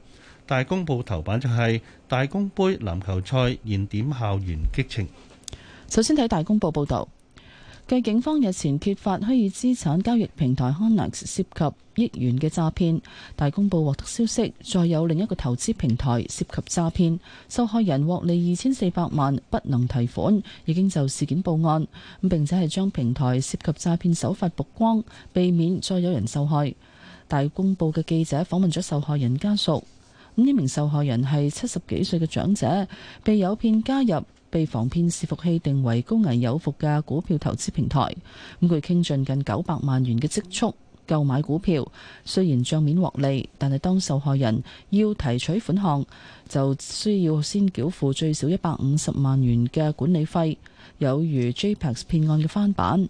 大公報頭版就係大公杯籃球賽燃點校園激情。首先睇大公報報道。繼警方日前揭發虛擬資產交易平台 Hounax 涉及億元嘅詐騙，大公報獲得消息，再有另一個投資平台涉及詐騙，受害人獲利二千四百萬不能提款，已經就事件報案，並且係將平台涉及詐騙手法曝光，避免再有人受害。大公報嘅記者訪問咗受害人家屬，呢名受害人係七十幾歲嘅長者，被誘騙加入。被防騙伺服器定為高危有伏嘅股票投資平台，咁佢傾盡近九百萬元嘅積蓄購買股票，雖然帳面獲利，但係當受害人要提取款項，就需要先繳付最少一百五十萬元嘅管理費，有如 JPEX 騙案嘅翻版。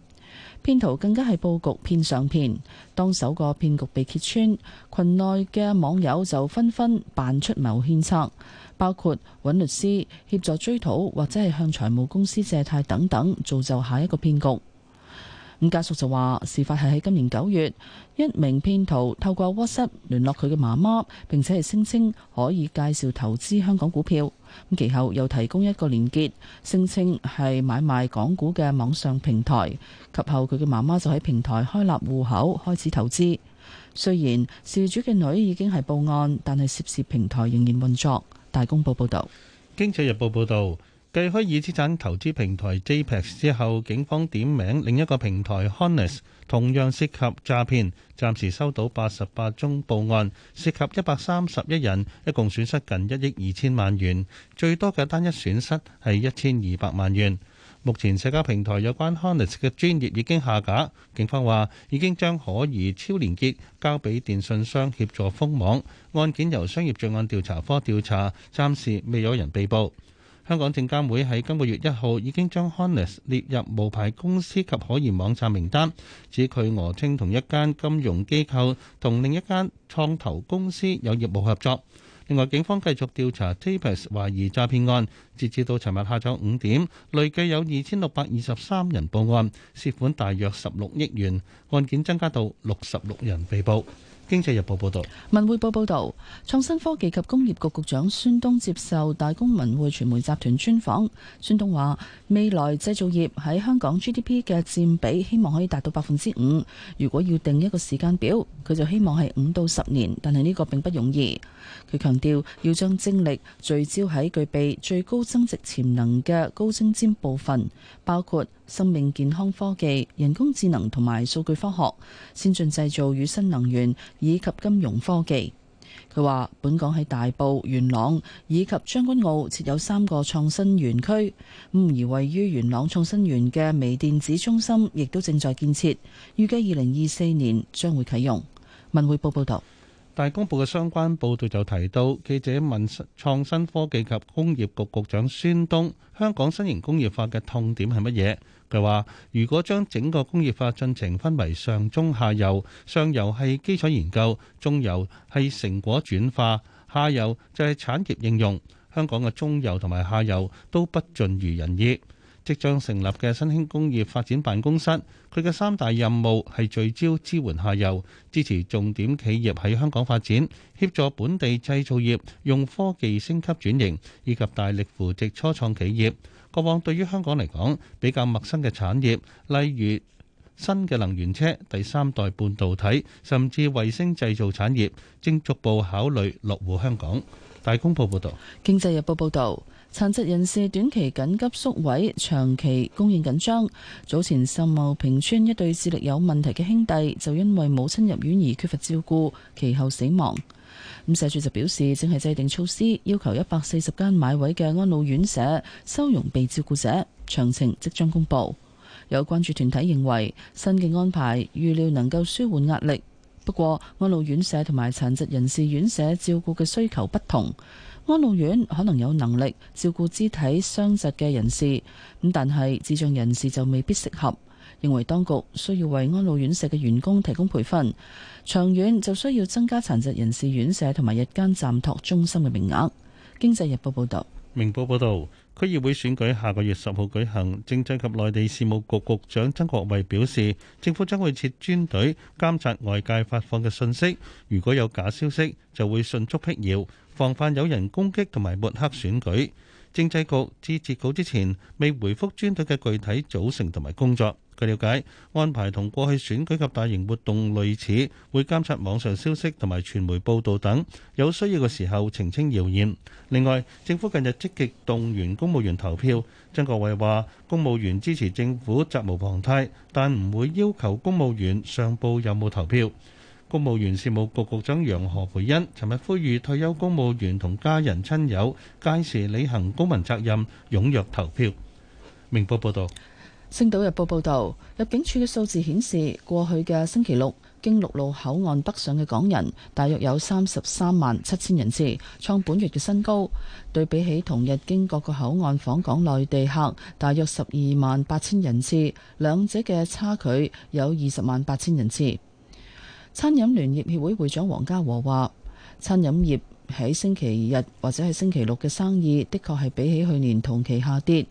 騙徒更加係佈局騙上騙，當首個騙局被揭穿，群內嘅網友就紛紛扮出謀獻策。包括揾律師協助追討，或者係向財務公司借貸等等，造就下一個騙局。咁家屬就話，事發係喺今年九月，一名騙徒透過 WhatsApp 聯絡佢嘅媽媽，並且係聲稱可以介紹投資香港股票。其後又提供一個連結，聲稱係買賣港股嘅網上平台。及後佢嘅媽媽就喺平台開立戶口，開始投資。雖然事主嘅女已經係報案，但係涉事平台仍然運作。大公報報道，《經濟日報》報道，繼虛擬資產投資平台 JPEX 之後，警方點名另一個平台 Honest，同樣涉及詐騙，暫時收到八十八宗報案，涉及一百三十一人，一共損失近一億二千萬元，最多嘅單一損失係一千二百萬元。目前社交平台有關 Harness 嘅專頁已經下架，警方話已經將可疑超連結交俾電信商協助封網。案件由商業罪案調查科調查，暫時未有人被捕。香港證監會喺今個月一號已經將 Harness 列入無牌公司及可疑網站名單，指佢訛稱同一間金融機構同另一間創投公司有業務合作。另外，警方繼續調查 JPEX 懷疑詐騙案，截至到尋日下晝五點，累計有二千六百二十三人報案，涉款大約十六億元，案件增加到六十六人被捕。經濟日報報道，文匯報報道，創新科技及工業局局長孫東接受大公文匯傳媒集團專訪。孫東話：未來製造業喺香港 GDP 嘅佔比，希望可以達到百分之五。如果要定一個時間表，佢就希望係五到十年，但係呢個並不容易。佢強調要將精力聚焦喺具備最高增值潛能嘅高精尖部分，包括。生命健康科技、人工智能同埋數據科學、先進製造與新能源以及金融科技。佢話本港喺大埔、元朗、以及將軍澳設有三個創新園區，咁而位於元朗創新園嘅微電子中心，亦都正在建設，預計二零二四年將會啟用。文匯報報道，大公報嘅相關報道就提到，記者問創新科技及工業局局長孫東，香港新型工業化嘅痛點係乜嘢？佢話，如果將整個工業化進程分為上中下游，上游係基礎研究，中游係成果轉化，下游就係產業應用。香港嘅中游同埋下游都不盡如人意。即將成立嘅新興工業發展辦公室，佢嘅三大任務係聚焦支援下游，支持重點企業喺香港發展，協助本地製造業用科技升級轉型，以及大力扶植初創企業。過往對於香港嚟講比較陌生嘅產業，例如新嘅能源車、第三代半導體，甚至衛星製造產業，正逐步考慮落戶香港。大公報報導，《經濟日報》報導，殘疾人士短期緊急宿位，長期供應緊張。早前秀茂坪村一對智力有問題嘅兄弟，就因為母親入院而缺乏照顧，其後死亡。咁社署就表示，正係制定措施，要求一百四十間買位嘅安老院舍收容被照顧者，詳情即將公布。有關注團體認為新嘅安排預料能夠舒緩壓力，不過安老院舍同埋殘疾人士院舍照顧嘅需求不同，安老院可能有能力照顧肢體傷疾嘅人士，咁但係智障人士就未必適合。認為當局需要為安老院舍嘅員工提供培訓，長遠就需要增加殘疾人士院舍同埋日間暫託中心嘅名額。經濟日報報道、明報報道，區議會選舉下個月十號舉行，政制及內地事務局局長曾國衛表示，政府將會設專隊監察外界發放嘅信息。如果有假消息，就會迅速辟謠，防範有人攻擊同埋抹黑選舉。政制局至截稿之前未回復專隊嘅具體組成同埋工作。據了解，安排同過去選舉及大型活動類似，會監察網上消息同埋傳媒報導等，有需要嘅時候澄清謠言。另外，政府近日積極動員公務員投票。曾國衛話：公務員支持政府責無旁貸，但唔會要求公務員上報有冇投票。公務員事務局局長楊何培恩尋日呼籲退休公務員同家人親友屆時履行公民責任，踊躍投票。明報報道，《星島日報》報道，入境處嘅數字顯示，過去嘅星期六經陸路口岸北上嘅港人大約有三十三萬七千人次，創本月嘅新高。對比起同日經各個口岸訪港內地客大約十二萬八千人次，兩者嘅差距有二十萬八千人次。餐飲聯業協會會長王家和話，餐飲業喺星期日或者係星期六嘅生意，的確係比起去年同期下跌。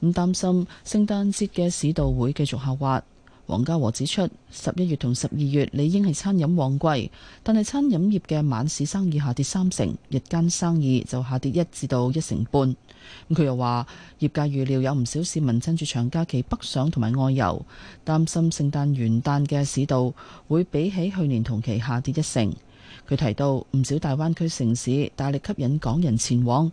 唔擔心聖誕節嘅市道會繼續下滑。王家和指出，十一月同十二月理應係餐飲旺季，但係餐飲業嘅晚市生意下跌三成，日間生意就下跌一至到一成半。咁佢又話，業界預料有唔少市民趁住長假期北上同埋外遊，擔心聖誕元旦嘅市道會比起去年同期下跌一成。佢提到，唔少大灣區城市大力吸引港人前往，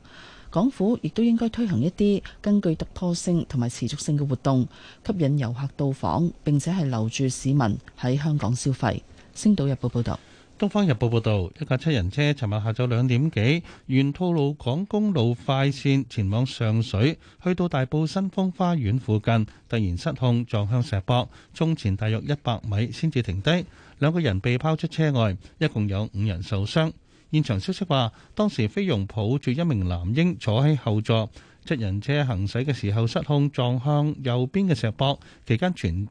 港府亦都應該推行一啲根據突破性同埋持續性嘅活動，吸引遊客到訪，並且係留住市民喺香港消費。星島日報報導。《東方日報》報導，一架七人車尋日下晝兩點幾，沿吐露港公路快線前往上水，去到大埔新豐花園附近，突然失控撞向石壆，衝前大約一百米先至停低，兩個人被拋出車外，一共有五人受傷。現場消息話，當時菲傭抱住一名男嬰坐喺後座，七人車行駛嘅時候失控撞向右邊嘅石壆，期間全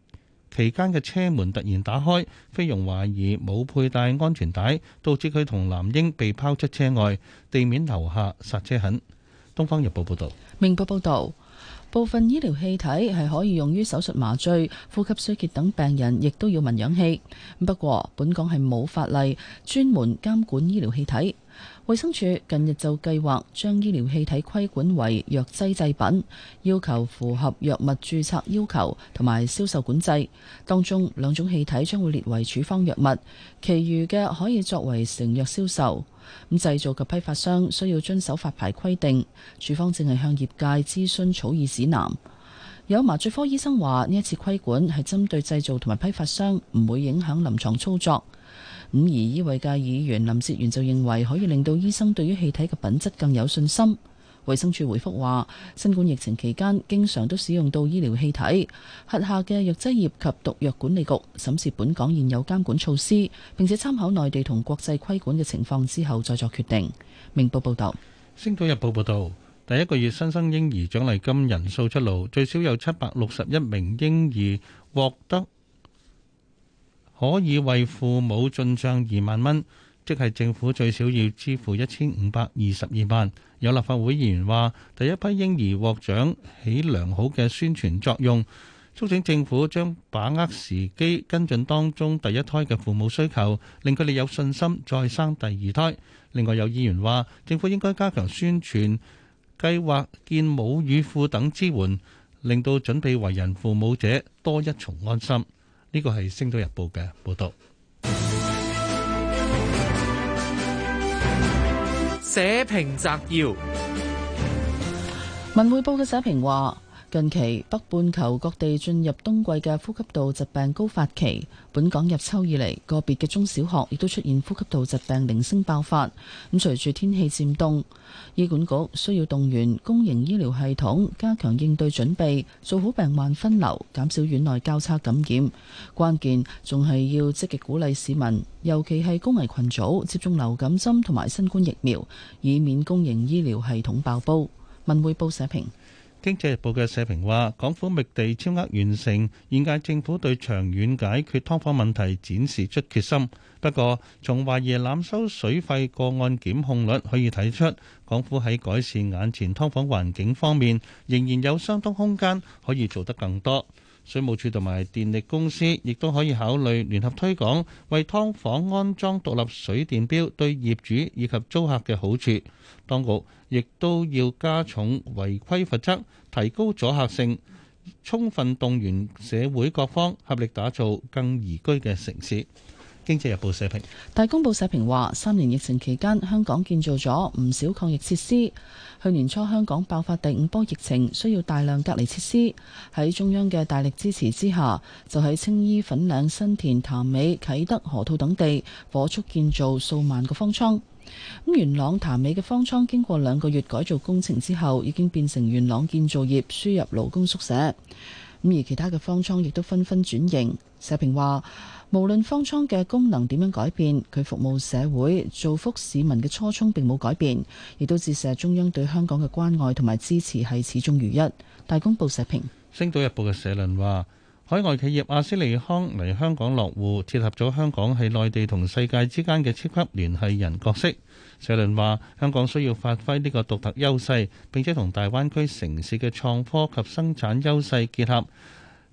期間嘅車門突然打開，菲傭懷疑冇佩戴安全帶，導致佢同男嬰被拋出車外，地面留下剎車痕。《東方日報》報道。《明報》報道，部分醫療氣體係可以用於手術麻醉、呼吸衰竭等病人，亦都要聞氧氣。不過，本港係冇法例專門監管醫療氣體。衛生署近日就計劃將醫療氣體規管為藥劑製品，要求符合藥物註冊要求同埋銷售管制。當中兩種氣體將會列為處方藥物，其餘嘅可以作為成藥銷售。咁製造及批發商需要遵守發牌規定。處方正係向業界諮詢草擬指南。有麻醉科醫生話：呢一次規管係針對製造同埋批發商，唔會影響臨牀操作。而醫衞界議員林哲源就認為可以令到醫生對於氣體嘅品質更有信心。衛生署回覆話，新冠疫情期間經常都使用到醫療氣體，轄下嘅藥劑業及毒藥管理局審視本港現有監管措施，並且參考內地同國際規管嘅情況之後再作決定。明報報道。星島日報報道，第一個月新生嬰兒獎勵金人數出爐，最少有七百六十一名嬰兒獲得。可以為父母進帳二萬蚊，即係政府最少要支付一千五百二十二萬。有立法會議員話：第一批嬰兒獲獎起良好嘅宣傳作用，促請政府將把握時機跟進當中第一胎嘅父母需求，令佢哋有信心再生第二胎。另外有議員話：政府應該加強宣傳計劃、建母乳庫等支援，令到準備為人父母者多一重安心。呢個係《星島日報》嘅報道，社評摘要。文匯報嘅社評話。近期北半球各地進入冬季嘅呼吸道疾病高發期，本港入秋以嚟，個別嘅中小學亦都出現呼吸道疾病零星爆發。咁隨住天氣漸凍，醫管局需要動員公營醫療系統加強應對準備，做好病患分流，減少院內交叉感染。關鍵仲係要積極鼓勵市民，尤其係高危群組接種流感針同埋新冠疫苗，以免公營醫療系統爆煲。文匯報社評。經濟日報嘅社評話，港府覓地超額完成，現屆政府對長遠解決劏房問題展示出決心。不過，從懷疑濫收水費個案檢控率可以睇出，港府喺改善眼前劏房環境方面仍然有相當空間可以做得更多。水務署同埋電力公司亦都可以考慮聯合推廣，為劏房安裝獨立水電表，對業主以及租客嘅好處。當局亦都要加重違規罰則，提高阻嚇性，充分動員社會各方合力打造更宜居嘅城市。經濟日報社評，大公報社評話：三年疫情期間，香港建造咗唔少抗疫設施。去年初香港爆發第五波疫情，需要大量隔離設施。喺中央嘅大力支持之下，就喺青衣、粉嶺、新田、潭尾、啟德、河套等地，火速建造數萬個方艙。咁元朗潭尾嘅方艙經過兩個月改造工程之後，已經變成元朗建造業輸入勞工宿舍。咁而其他嘅方艙亦都紛紛轉型。社評話。無論方艙嘅功能點樣改變，佢服務社會、造福市民嘅初衷並冇改變，亦都折射中央對香港嘅關愛同埋支持係始終如一。大公報社評，《星島日報》嘅社論話：海外企業阿斯利康嚟香港落戶，貼合咗香港喺內地同世界之間嘅超級聯繫人角色。社論話：香港需要發揮呢個獨特優勢，並且同大灣區城市嘅創科及生產優勢結合。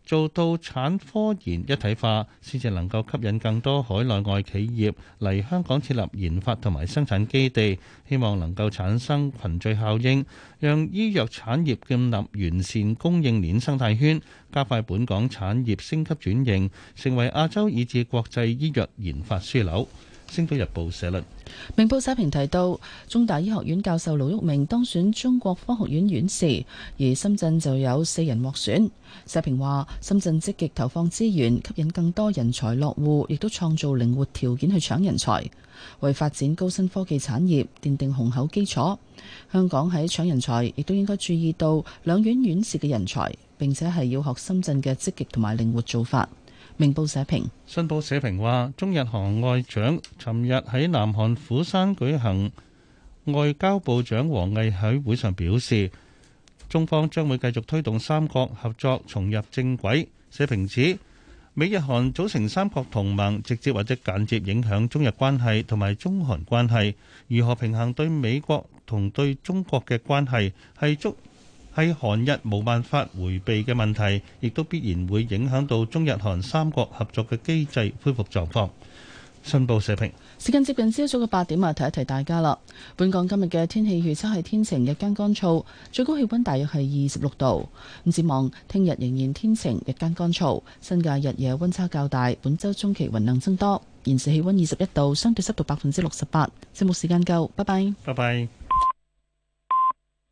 做到產科研一體化，先至能夠吸引更多海內外企業嚟香港設立研發同埋生產基地，希望能夠產生群聚效應，讓醫藥產業建立完善供應鏈生態圈，加快本港產業升級轉型，成為亞洲以至國際醫藥研發樞紐。《星島日報》社論，明報社評提到，中大醫學院教授盧煜明當選中國科學院院士，而深圳就有四人獲選。社評話，深圳積極投放資源，吸引更多人才落戶，亦都創造靈活條件去搶人才，為發展高新科技產業奠定雄厚基礎。香港喺搶人才，亦都應該注意到兩院院士嘅人才，並且係要學深圳嘅積極同埋靈活做法。明報社評。信報社評話，中日韓外長尋日喺南韓釜山舉行，外交部長王毅喺會上表示，中方將會繼續推動三國合作重入正軌。社評指，美日韓組成三國同盟，直接或者間接影響中日關係同埋中韓關係，如何平衡對美國同對中國嘅關係，係足。喺韓日冇辦法迴避嘅問題，亦都必然會影響到中日韓三國合作嘅機制恢復狀況。信報社評。時間接近朝早嘅八點啊，提一提大家啦。本港今日嘅天氣預測係天晴，日間乾燥，最高氣温大約係二十六度。咁展望聽日仍然天晴，日間乾燥，新界日夜温差較大。本周中期雲量增多，現時氣温二十一度，相對濕度百分之六十八。節目時間夠，拜拜。拜拜。